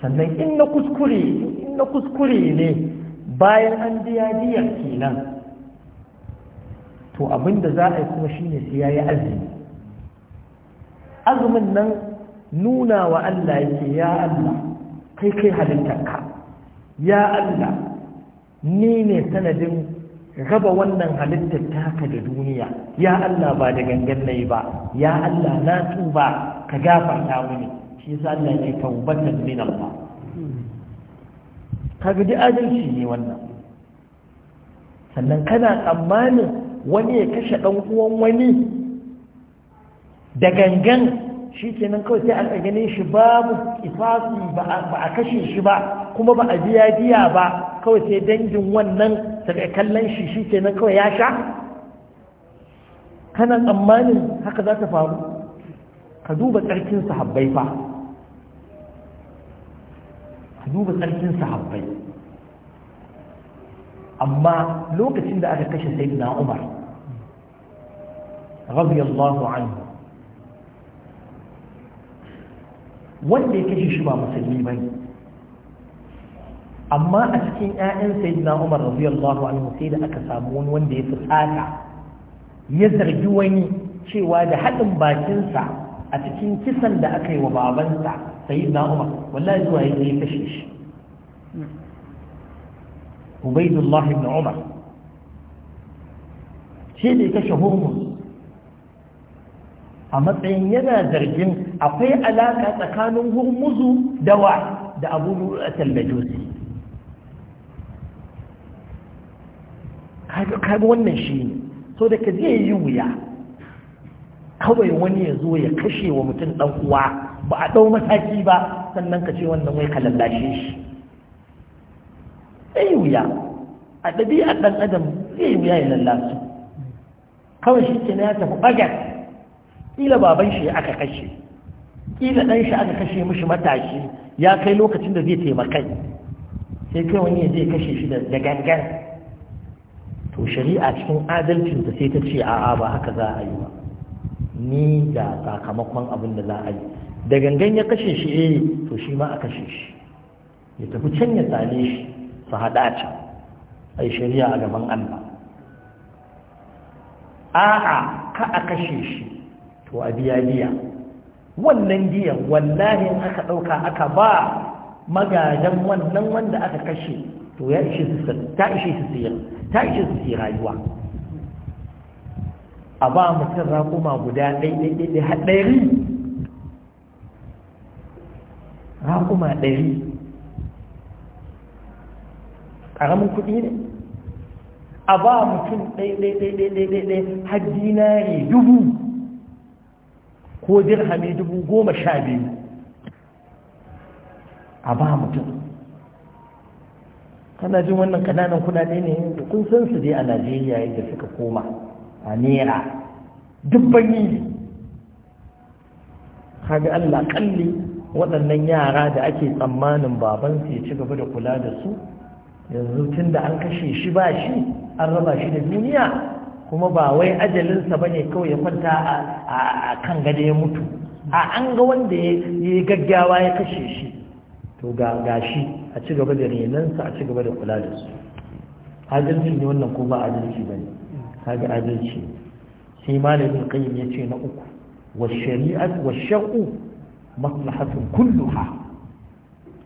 sannan in na kuskure in na kuskure ne bayan an biya kenan to abinda za a yi kuma shine sai ya yi azumi azumin nan nuna wa Allah yake ya Allah kai kai halittarka ya Allah ni ne sanadin raba wannan halittar taka da duniya ya Allah ba da gangan nayi ba ya Allah na tuba ka gafarta mini shi yasa Allah ya tawbatan min Allah kaga adalci ne wannan sannan kana tsammanin wani ya kashe dan uwan wani da gangan shi kenan kawai sai aka gane shi babu kisasi ba a kashe shi ba kuma ba a biya biya ba kawai sai dangin wannan daga kallon shi shi kenan kawai ya sha kana tsammanin haka za ta faru ka duba tsarkin sahabbai fa ka duba tsarkin sahabbai amma lokacin da aka kashe sai na umar radiyallahu anhu wanda ya kashe shi ba musulmi bane amma a cikin 'ya'yan sayyidina umar radiyallahu anhu sai da aka samu wani wanda ya fusata ya zargi wani cewa da haɗin bakinsa a cikin kisan da aka yi wa babansa sayyidina umar wallahi zuwa yake ya kashe shi ubaidullah ibn umar shi ne kashe hormuz a matsayin yana zargin akwai alaka tsakanin hurmuzu da wa da abu al-majusi kaga wannan shi ne so da ka zai yi wuya kawai wani ya zo ya kashe wa mutum ɗan uwa ba a ɗau mataki ba sannan ka ce wannan wai ka lallashe shi zai yi wuya a ɗabi'ar ɗan adam zai yi wuya ya lallasu kawai shi ke na ya tafi bagar ƙila baban shi aka kashe ƙila ɗan shi aka kashe mishi matashi ya kai lokacin da zai taimakai sai kai wani ya zai kashe shi da gangan to shari'a cikin adalcin ta sai ta ce a'a ba haka za a yi ba ni ga sakamakon abin da za a yi da gangan ya kashe shi eh to shi ma a kashe shi ya tafi can ya tsane shi su haɗa can Ai shari'a a gaban Allah a'a ka a kashe shi to a biya biya wannan giyan wallahi aka ɗauka aka ba magajen wannan wanda aka kashe to ya ishe su ta ishe su siyar ta ishe su siyar rayuwa a ba mutum raƙuma guda ɗai har ɗari raƙuma ɗari ƙaramin kuɗi ne a ba mutum ɗai-ɗai-ɗai, har dinari dubu ko dirhami dubu goma sha biyu a ba mutum kana jin wannan kananan kudade ne da kun san su dai a najeriya yadda suka koma a nera. dubban yi kaga allah kalli waɗannan yara da ake tsammanin baban su ya ci gaba da kula da su yanzu tun da an kashe shi ba shi an raba shi da duniya kuma ba wai ajalinsa ba ne kawai ya kwanta a kan gada ya mutu a an ga wanda ya yi gaggawa ya kashe shi to ga shi a ci gaba da renansa a ci gaba da kula da su adalci ne wannan ko ba adalci ne kaga adalci sai malamin qayyim yace na uku wa shari'at wa shar'u maslahatun kulluha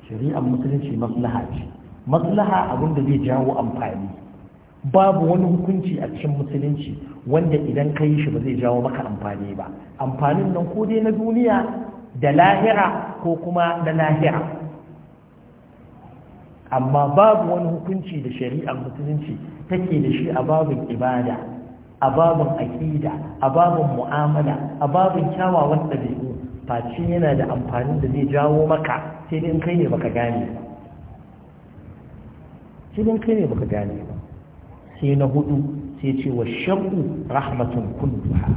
shari'ar musulunci maslaha ce maslaha abin da zai jawo amfani babu wani hukunci a cikin musulunci wanda idan ka yi shi ba zai jawo maka amfani ba amfanin nan ko dai na duniya da lahira ko kuma na lahira amma babu wani hukunci da shari'ar musulunci take da shi a babin ibada a babin aƙida a babin mu'amala a babin kyawawan ɗabi'u face yana da amfanin da zai jawo maka sai dai kai ne baka gane ba sai dai in kai ne baka gane ba sai na hudu sai ce wa shakku rahmatun kulluha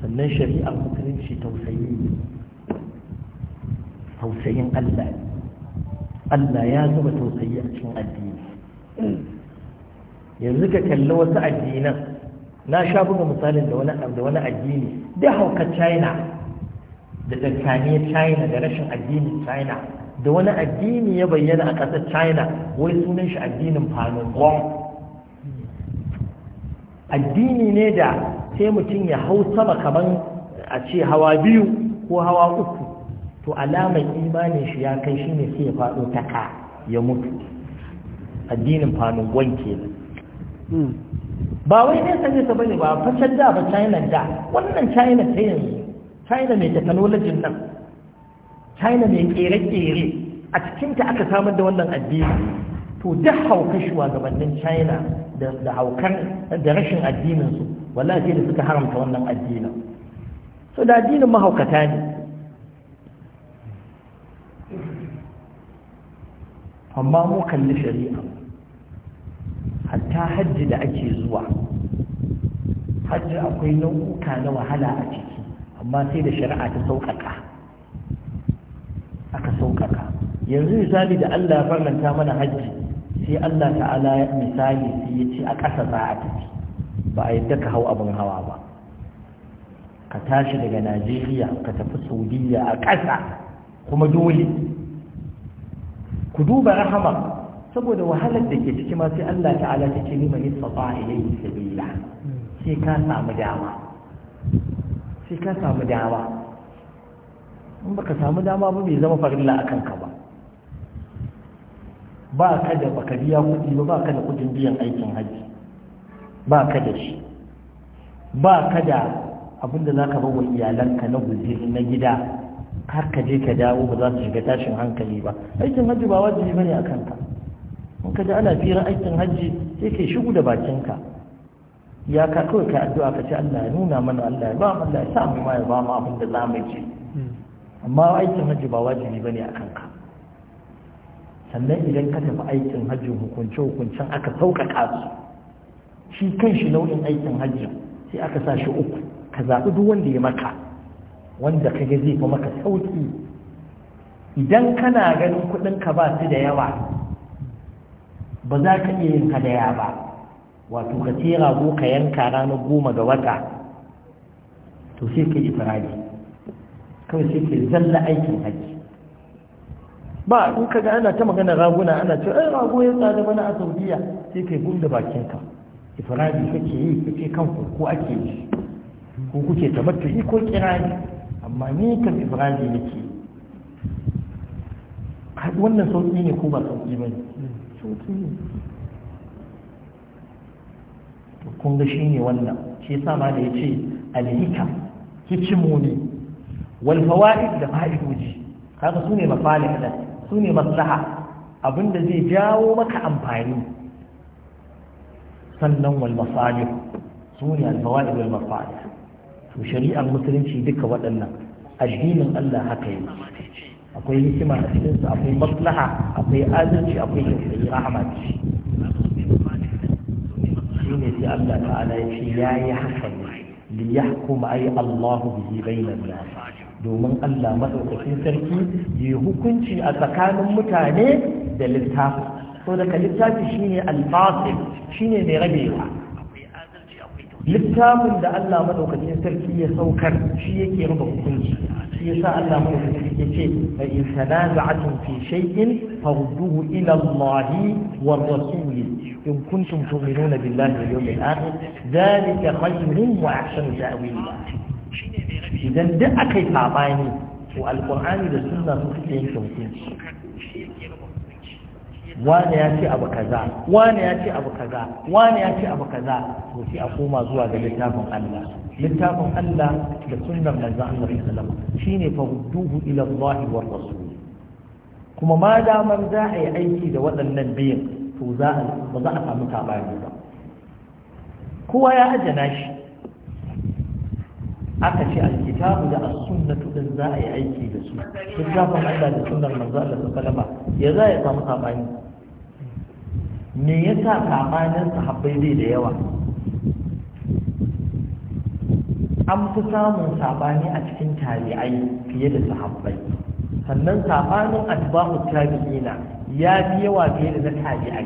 sannan shari'ar musulunci tausayi tausayin Allah Allah ya zama tausayi a cikin addini yanzu ka kalli wasu addinan na sha buga misalin da wani addini da hauka China da tsakaniya China da rashin addini China da wani addini ya bayyana a ƙasar China wai sunan shi addinin Falun addini ne da sai mutum ya hau sama kamar a ce hawa biyu ko hawa uku to alamar imanin shi ya kai shine sai ya faɗo ta ka ya mutu addinin fanin wanke ne hmm. ba wai ne sanye ta bane ba fasar da ba china da wannan china ta yanzu china mai technologin nan china mai kere-kere a cikinta aka samar da wannan addini to duk haukar shugabannin china da haukar da rashin addininsu wallahi da suka haramta wannan addinin so da addinin mahaukata ne amma mu kalli shari'a hatta hajji da ake zuwa hajji akwai nau'uka na wahala a ciki amma sai da shari'a ta sauƙaƙa aka sauƙaƙa yanzu misali da Allah ya farlanta mana hajji sai Allah ta'ala misali sai ya ce a ƙasa za a tafi ba a yadda ka hau abin hawa ba ka tashi daga Najeriya ka tafi Saudiya a ƙasa kuma dole ku duba rahama saboda wahalar da ke ciki ma sai Allah ta'ala ta ce ni man ilai ilayhi sabila sai ka samu dama sai ka samu dama in baka samu dama ba bai zama farilla akan ka ba ba ka da baka biya kuɗi ba ba ka da kuɗin biyan aikin hajji ba ka da shi ba ka da abinda za ka bawa iyalanka na guziri na gida har ka je ka dawo ba za ka shiga tashin hankali ba aikin hajji ba wajibi bane a kanka in ka ji ana fira aikin hajji sai ka shigo da bakinka ya ka kawai ka addu'a ka ce Allah ya nuna mana Allah ya ba mu Allah ya sa mu ma ya ba mu abin da za mu ci amma aikin hajji ba wajibi bane a kanka sannan idan ka tafi aikin hajji hukunce hukuncen aka sauƙaƙa su shi kan shi nau'in aikin hajji sai aka sa shi uku ka zaɓi duk wanda ya maka wanda kage zai fi maka sauki idan kana ganin kudinka ba su da yawa ba za ka iya yin hadaya ba wato ka ce rago ka yanka ranar goma ga wata to sai ka ifirari kawai sai ka zalla aikin haji ba in ka ga ana ta magana raguna ana ce ai rago ya tsada mana a saudiya sai ka yi gunda bakinka ifirari kake yi kake kan ko ake yi ko kuke tabattu ko kirani manikan ifradi yake wannan sauƙi ne ko ba sauƙi ba ne sauƙi ne kun ga shi ne wannan shi sa ma da ya ce alhikam hikimu ne wal fawa'id da fa'idoji kaga su ne mafalih da su ne maslaha abinda zai jawo maka amfani sannan wal masalih su ne al fawa'id wal masalih to shari'ar musulunci duka waɗannan addinin Allah haka yake akwai hikima a cikin sa akwai maslaha akwai adalci akwai tausayi rahama ce shine sai Allah ta'ala ya ce yayi haka ne li yahkum ay Allah bihi bainan nas domin Allah madaukakin sarki yi hukunci a tsakanin mutane da littafi so daga littafi shine al-fasil shine mai rabewa littafin da Allah madaukakin sarki ya saukar shi yake raba hukunci shi yasa Allah madaukakin ya ce mai in tanaza'atum fi shay'in farduhu ila Allah wa rasul in kuntum tu'minuna billahi wal yawmil akhir dhalika khayrun wa ahsanu ta'wila idan duk akai sabani to alƙur'ani da sunna su suke yin hukunci wane ya ce abu kaza wane ya ce abu kaza wane ya ce abu kaza to sai a koma zuwa ga littafin Allah littafin Allah da sunnar manzo Allah sallallahu alaihi shine fa huduhu ila Allah wa rasul kuma ma da man za a yi aiki da waɗannan biyan to za a ba za a samu tabani ba kowa ya ajana shi aka ce alkitabu da as-sunnatu din za a yi aiki da su littafin Allah da sunnar manzo Allah sallallahu alaihi wasallam ya za ya samu sabani me ya yasa sabanin sahabbai zai da yawa an fi samun sabani a cikin tabi'ai fiye da sahabbai sannan sabanin atba'u tabi'ina ya fi yawa fiye da na tabi'ai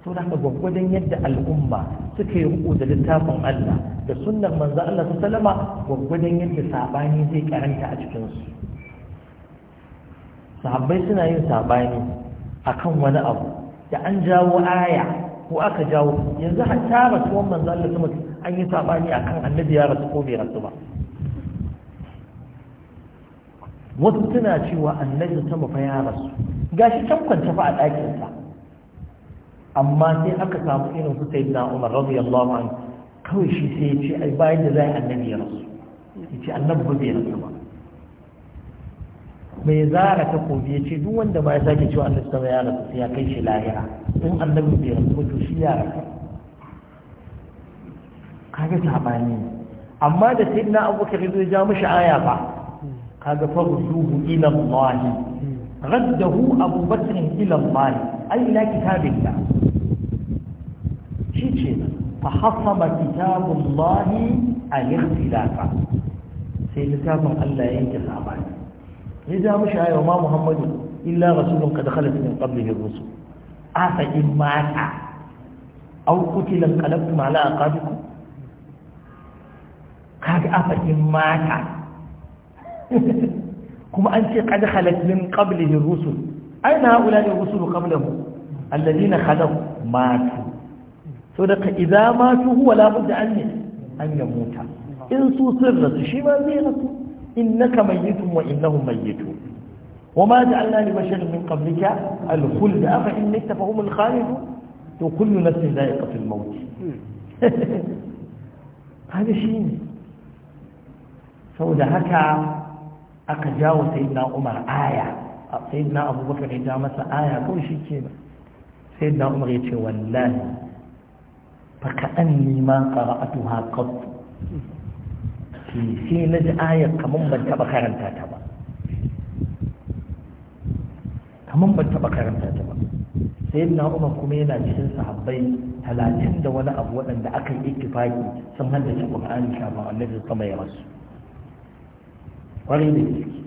to da gwaggwadon yadda al'umma suka yi da littafin Allah da sunnar manzo Allah su salama gwaggwadon yadda sabani zai karanta a cikinsu sahabbai suna yin sabani akan wani abu da an jawo aya ko aka jawo yanzu hatta rasuwan manzo Allah sama an yi sabani akan annabi ya rasu ko bai rasu ba wasu suna cewa annabi sama fa ya rasu gashi can kwanta fa a ɗakinsa amma sai aka samu irin su sayyidina Umar radiyallahu anhu kawai shi sai ya ce ai bayan da zai annabi ya rasu ya ce annabi ba bai rasu ba mai zara ta kobi ya ce duk wanda ba ya sake cewa annabi sama ya rasu ya kai shi lahira in annabi bai rasu to shi ya rasu kaga sabani amma da sai na abubakar ya zo ja mishi aya ba kaga fa rusuhu ila Allah raddahu abubakar ila Allah ai ila kitabillah shi ce fa hasama kitabullahi al-ikhtilafa sai littafin Allah yake sabani ya ja mishi ayo ma muhammadu illa rasulun kad khalat min qablihi rusul afa in mata aw qutila qalabtum ala aqabikum kaga afa in mata kuma an ce kad khalat min qablihi rusul aina haula ne rusulu qablahu alladhina khalau matu so da ka idza matu huwa la budda an an yamuta in su sirra shi ma zai rasu innaka mayyitun wa innahum mayyitun وما جعلنا لبشر من قبلك الخلد أفإن مت فهم الخالدون وكل نفس ذائقة الموت هذا شيء saboda haka aka jawo sayyidina Umar aya sayyidina Abubakar ya ja masa aya kawai shi ke ba sayyidina Umar ya ce wallahi fa ka'anni ma qara'atuha sai na ji ayar kamar ban taɓa karanta ta ba kamar ban taɓa karanta ta ba sai na umar kuma yana cikin sahabbai talatin da wani abu waɗanda aka yi ikifaki sun haddace ƙur'ani shafa annabi sama ya rasu kwarai da gaske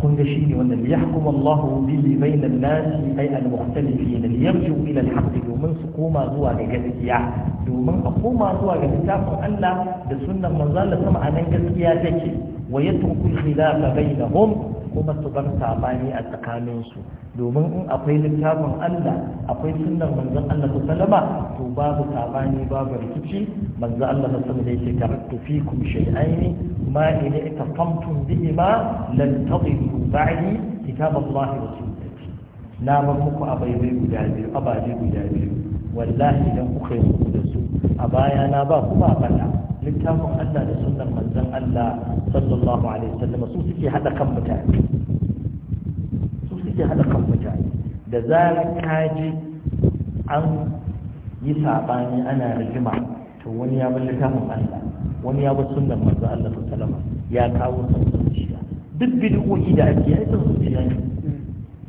kun ga ne wanda ya hukuma Allah bihi bainan nasi ay al mukhtalifin li yarju ila al haqq domin su koma zuwa ga gaskiya domin a koma zuwa ga littafin Allah da sunnan manzo Allah sama anan gaskiya take wa yatruku khilafa bainahum kuma su bar sabani a tsakaninsu domin in akwai littafin Allah akwai sunnar manzon Allah ta salama to babu sabani babu rikici manzo Allah ta salama yake tarattu fikum shay'aini ma in itafamtum bihi ma lan tadillu ba'di kitab Allah wa sunnati na bar muku abai guda biyu abaje guda biyu wallahi idan kuka yi muku da su a baya na ba kuma a bana littafin Allah da sunan manzon Allah sallallahu alaihi wasallam su suke hada kan mutane su suke hada kan mutane da zarar kaji an yi sabani ana rigima to wani ya bi littafin Allah wani ya bi sunan manzon Allah sallallahu alaihi wasallam ya kawo son zuciya duk bid'o'i da ake yi son zuciya ne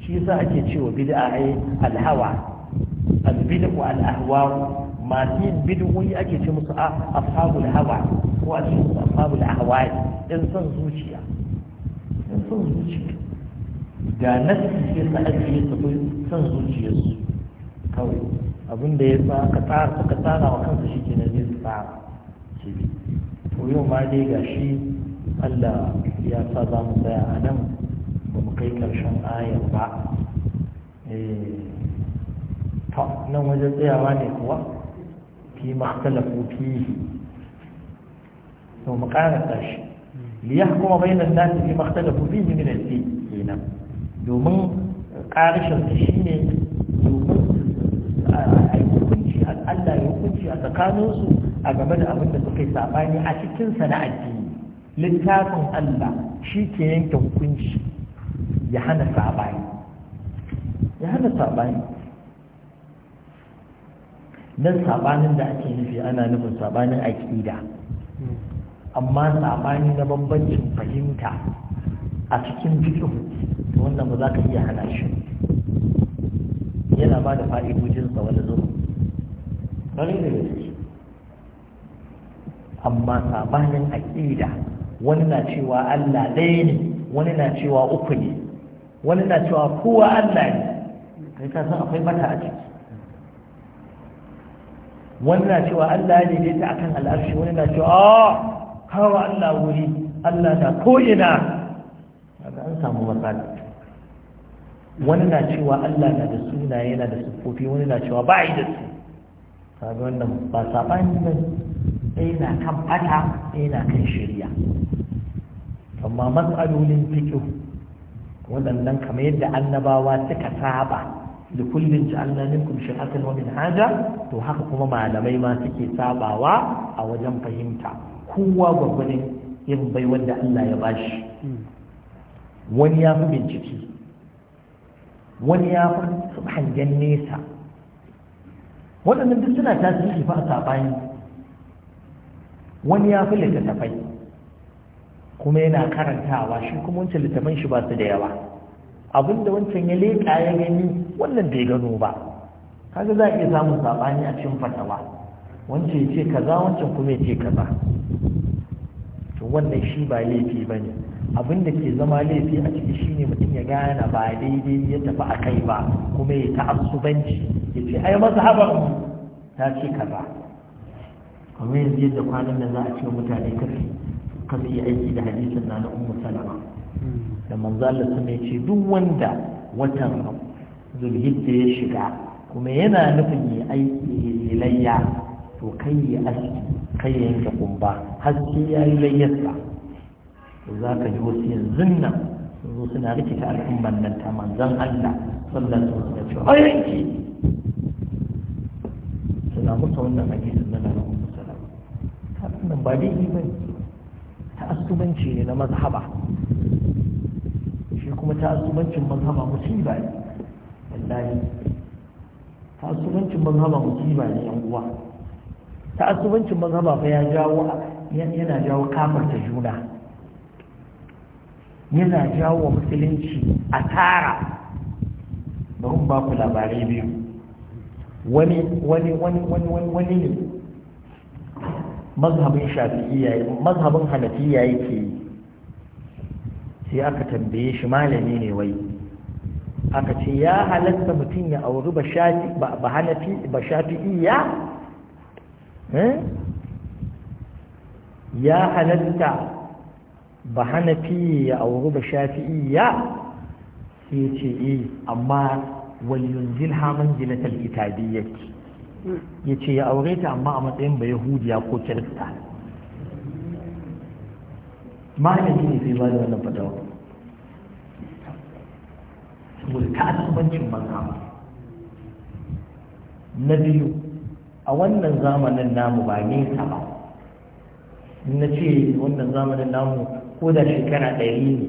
shi yasa ake cewa bid'a ai alhawa albid'u alahwa masu yin bid'o'i ake ce musu ashabul hawa ko a ce musu ashabul ahwai son zuciya in son zuciya ga nasi sai sa ajiye su ko son zuciyarsu kawai abin da ya sa ka tsara suka tsara wa kansa shi ke nan su tsara ce to yau ma dai ga shi Allah ya sa za mu tsaya a nan ba mu kai ƙarshen ayar ba eh to nan wajen tsayawa ne kuwa fi maktalafu fihi to mu karanta shi liyahkuma bainan nas fi maktalafu fihi min al-fi kenan domin karishin shi shine domin a hukunci Allah ya hukunci a tsakaninsu a game da abin da suka yi sabani a cikin sa na addini littafin Allah shi ke yanke hukunci ya hana sabani ya hana sabani na sabanin da ake nufi ana nufin sabanin aƙida amma sabani na bambancin fahimta a cikin fiƙin to wannan ba za ka iya hana shi yana ba da fa'idojinsa wani zo bari da gaske amma sabanin aƙida wani na cewa Allah ɗaya ne wani na cewa uku ne wani na cewa kowa Allah ne kai ka san akwai mata a ciki wani na cewa Allah ne daidaita akan al'arshi wani na cewa ah kawo Allah wuri Allah na ko'ina daga an samu matsala wani na cewa Allah na da sunaye yana da siffofi wani na cewa ba yi da su kaga wannan ba saɓani ba ɗaya na kan fata ɗaya na kan shirya amma matsalolin fikihu waɗannan kamar yadda annabawa suka saba da kullum ja'alna minkum shir'atan wa minhaja to haka kuma malamai ma suke sabawa a wajen fahimta kowa gwagwanin yin bai wanda Allah ya bashi wani ya fi bincike wani ya fi hangen nesa waɗannan duk suna tasiri fa a saɓani wani ya fi littattafai kuma yana karantawa shi kuma wancan littattafan shi ba su da yawa abinda wancan ya leƙa ya gani wannan bai gano ba kaga za a iya samun saɓani a cikin fatawa wance ya ce kaza wancan kuma ya ce kaza to wannan shi ba laifi ba ne abin da ke zama laifi a ciki shine mutum ya gane ba daidai ya tafi a kai ba kuma ya ta'assubanci ya ce ai mu? ta ce kaza kamar yanzu yadda kwanan nan za a ce mutane kafi kan yi aiki da hadisin na na ummu salama hmm. da manzo Allah sun ce duk wanda watan da ya shiga kuma yana nufin ya aiki ya layya to kai ya aski kai ya yanke kumba haske ya yi layyarsa to za ka ji wasu yanzu nan sun suna rikita al'umman nan ta manzan Allah sallallahu alaihi suna cewa ai yanki suna musu wannan hadisin nan na Muhammad sallallahu alaihi nan ba dai ba ta'assubanci ne na mazhaba shi kuma ta'assubancin mazhaba musiba ne wallahi ta'assubancin mazhaba musiba ne yan uwa ta'assubancin mazhaba fa ya jawo yana jawo kafarta juna yana jawo musulunci a tara bari ba ku labarai biyu wani wani wani wani wani wani ne mazhabin shafi'iyya mazhabin hanafiya yake sai aka tambaye shi malami ne wai aka ce ya halatta mutum ya auri ba shafi ba hanafi ba iya eh? ya halatta ba hanafi ya auri ba iya sai ce eh amma waliyunzil haman jilatal kitabiyyati ya ce ya aure ta amma a matsayin ba yahudiya ko kirista malami ne sai ba da wannan fatawa mulka asibancin na biyu a wannan zamanin namu ba nesa ba na ce wannan zamanin namu ko da shekara ɗari ne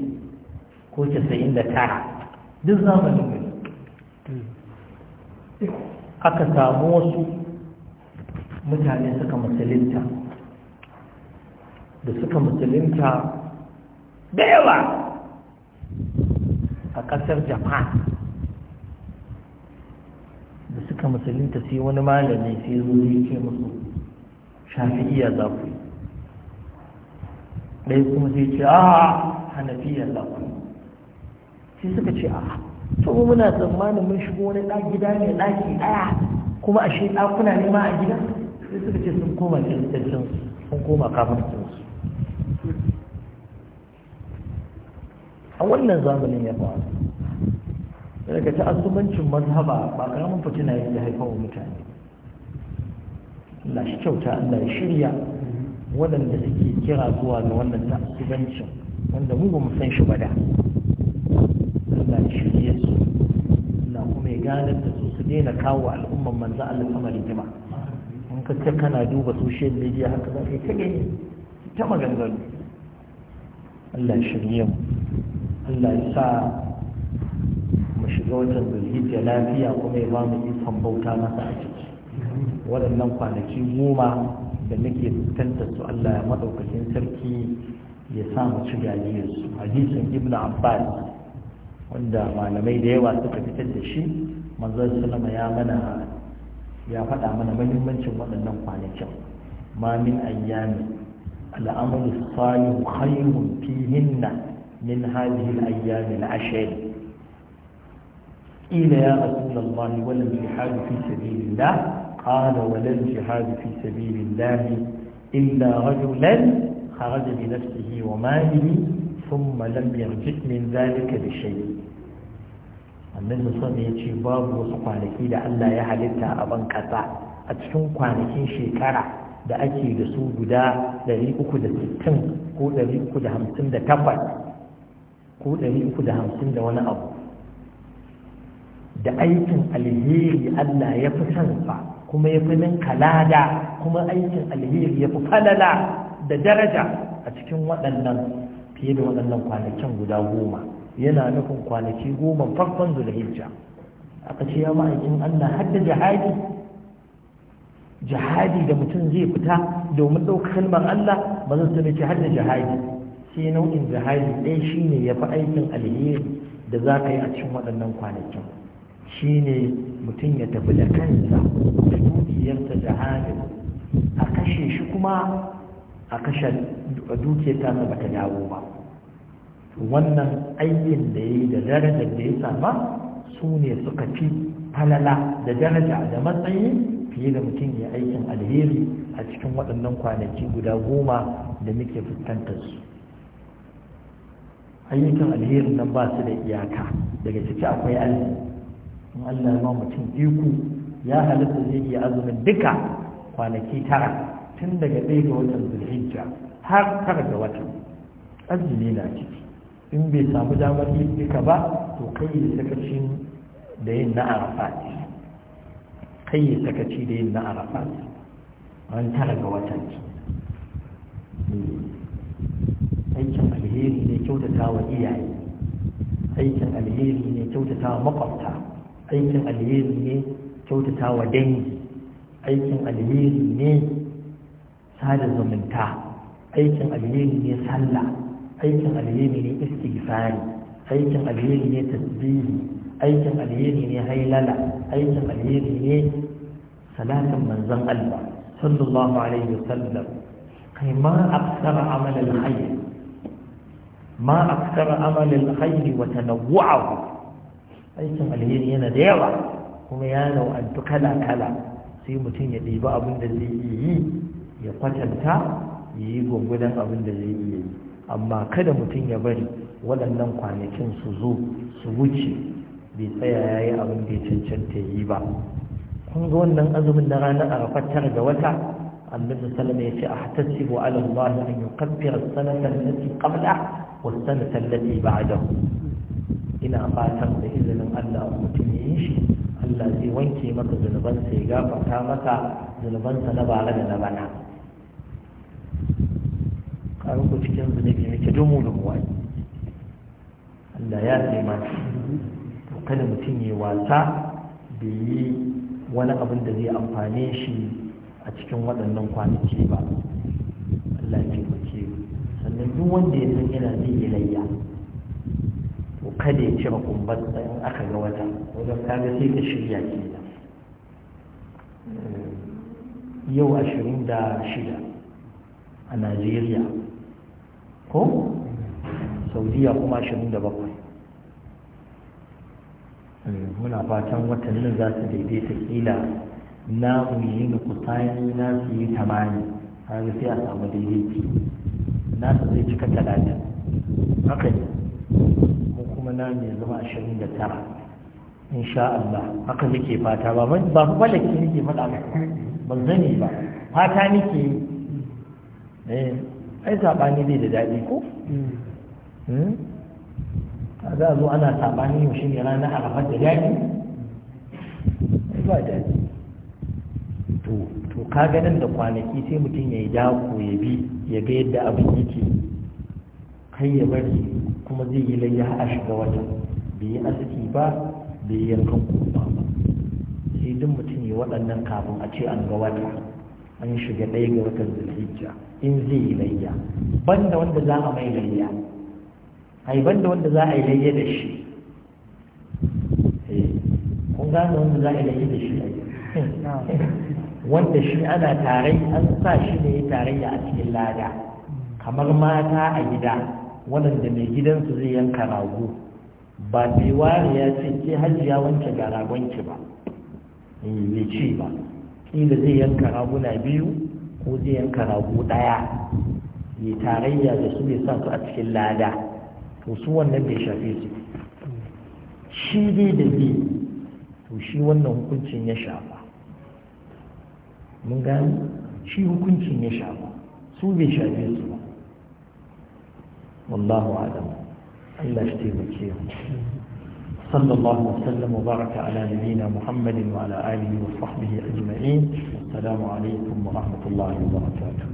ko casa'in da tara duk zamanin ne aka samu wasu mutane suka musulunta da suka musulunta da yawa a ƙasar japan da suka musulunta sai wani malami sai zo ya ce musu shafi'iya za ku ɗaya kuma sai ce a hanafiya za ku sai suka ce a to muna tsammanin mun shigo wani ɗaki gida ne ɗaki ɗaya kuma a shi ɗakuna ne ma a gida sai suka ce sun koma kiristancin sun koma kafin su a wannan zamanin ya faru daga ta'assubancin mazhaba ba karamin fitina yake haifar wa mutane na shi kyauta Allah ya shirya waɗanda suke kira zuwa ga wannan ta'assubancin wanda mu ba mu san shi ba da shirya ya su na kuma ya gane da su su daina kawo al'umman manza Allah jima in ka ce kana duba social media haka za ka yi ta gani ta maganganu Allah ya mu Allah ya sa mu shiga watan zulhijja lafiya kuma ya ba mu ikon bauta masa a ciki waɗannan kwanaki goma da nake tantar su Allah ya maɗaukakin sarki ya sa mu ci su hadisin ibnu abbas wanda malamai da yawa suka fitar da shi manzon sallama ya mana ya faɗa mana mahimmancin waɗannan kwanakin ma min ayyami al'amalu salihu khayrun fihinna min hadhihi al-ayyam al-ashr ila ya rasulullah wa lam jihad fi sabilillah qala wa lam jihad fi sabilillah illa rajulan kharaja bi nafsihi wa malihi thumma lam yarji min dhalika bi shay'in annabi sallallahu alaihi ya ce babu wasu kwanaki da Allah ya halitta a ban a cikin kwanakin shekara da ake da su guda 360 ko 358 ko ɗari uku da hamsin da wani abu da aikin alheri Allah ya fi sansa kuma ya fi min kalada kuma aikin alheri ya fi falala da daraja a cikin waɗannan fiye da waɗannan kwanakin guda goma yana nufin kwanaki goma farkon zulhijja aka ce ya ma'aikin Allah har da jihadi jihadi da mutum zai fita domin ɗaukar kalmar Allah ba zan sani ce har da jihadi sai nau'in jihadi ɗaya shi ne ya fi aikin alheri da za ka yi a cikin waɗannan kwanakin shi ne mutum ya tafi da kansa da dukiyarsa jihadin a kashe shi kuma a kashe dukiyar ta na ta dawo ba wannan aikin da ya yi da darajar da ya sama su ne suka fi falala da daraja da matsayi fiye da mutum ya aikin alheri a cikin waɗannan kwanaki guda goma da muke fuskantar su ayyukan alherin nan ba su da iyaka daga ciki akwai alli. in Allah ma mutum iko ya halitta zai iya azumin duka kwanaki tara tun daga ɗaya ga watan zulhijja har tara ga watan azumi na ciki in bai samu damar yin duka ba to kai ya sakaci da yin na arafat kai ya sakaci da yin na arafat an tara ga watan ki hmm. aikin alheri ne kyautata wa iyaye aikin alheri ne kyautata wa makwabta aikin alheri ne kyautata wa dangi aikin alheri ne sada zumunta aikin alheri ne sallah aikin alheri ne istighfari aikin alheri ne tasbihi aikin alheri ne hailala aikin alheri ne salatin manzon Allah sallallahu alaihi wasallam kai ma aksara amal alhayr ma aksara amalin khairi wa tanawwa'ahu aikin alheri yana da yawa kuma ya nau'antu kala kala sai mutum ya ɗiba abin da zai yi ya kwatanta ya yi gwangwadon abin da zai yi amma kada mutum ya bari waɗannan kwanakin su zo su wuce bai tsaya ya yi abin da ya cancanta yi ba kun ga wannan azumin na ranar arafatar ga wata annabi sallallahu alaihi ya ce a hatasibu ala Allah an yukaffira sanatan allati qabla والسنة التي بعده ina fatan da izinin Allah mutum ya yi shi Allah zai wanke maka zunubansa ya gafarta maka zunubansa na bara da na bana karu ku cikin zunubi nake dumu da wani Allah ya ce to kada mutum ya wasa bai yi wani abin da zai amfane shi a cikin waɗannan kwanaki ba Allah ya ce sannan duk wanda ya san yana zai yi layya to kada ya cire kumbar tsayin aka ga wata wajen kaga sai ka shirya ke eh, yau ashirin da shida a najeriya ko saudiya kuma ashirin da bakwai eh, muna fatan watannin za su daidaita kila na mu yi nukusani na su yi tamani har sai a samu daidaiti nasa zai cika talatin haka ne mu kuma na mai zama ashirin da tara sha Allah haka nake fata ba ba fa ke nake faɗa ba ban zani ba fata nake eh ai sabani ne da daɗi ko hmm? za a zo ana sabani yau shi ne ranar arafat da daɗi ba daɗi to to ka ganin da kwanaki sai mutum ya yi dako ya bi ya ga yadda abin yake kai ya bari kuma zai yi layya a shiga wata bai yi asiki ba bai yi yankan kuma ba sai duk mutum ya waɗannan kafin a ce an ga wata an shiga ɗaya ga watan zulhijja in zai yi layya banda wanda za a mai layya ai banda wanda za a yi layya da shi eh, kun gane wanda za a yi layya da shi wanda shi ana tare an sa shi ne tarayya a cikin lada kamar mata a gida wadanda mai gidansu zai yanka rago ba mai ware ya ce ke hajiya wanke ga ragonki ba mai eh, ce ba ƙila zai yanka raguna biyu ko zai yanka rago ɗaya mai tarayya da su mai sa su a cikin lada to su wannan bai shafe su shi dai da bi to shi wannan hukuncin ya shafa mun gani shi hukuncin ya shafa su bai shafe su ba wallahu alam Allah shi taimake mu صلى الله وسلم وبارك على نبينا محمد وعلى آله وصحبه أجمعين السلام عليكم ورحمة الله وبركاته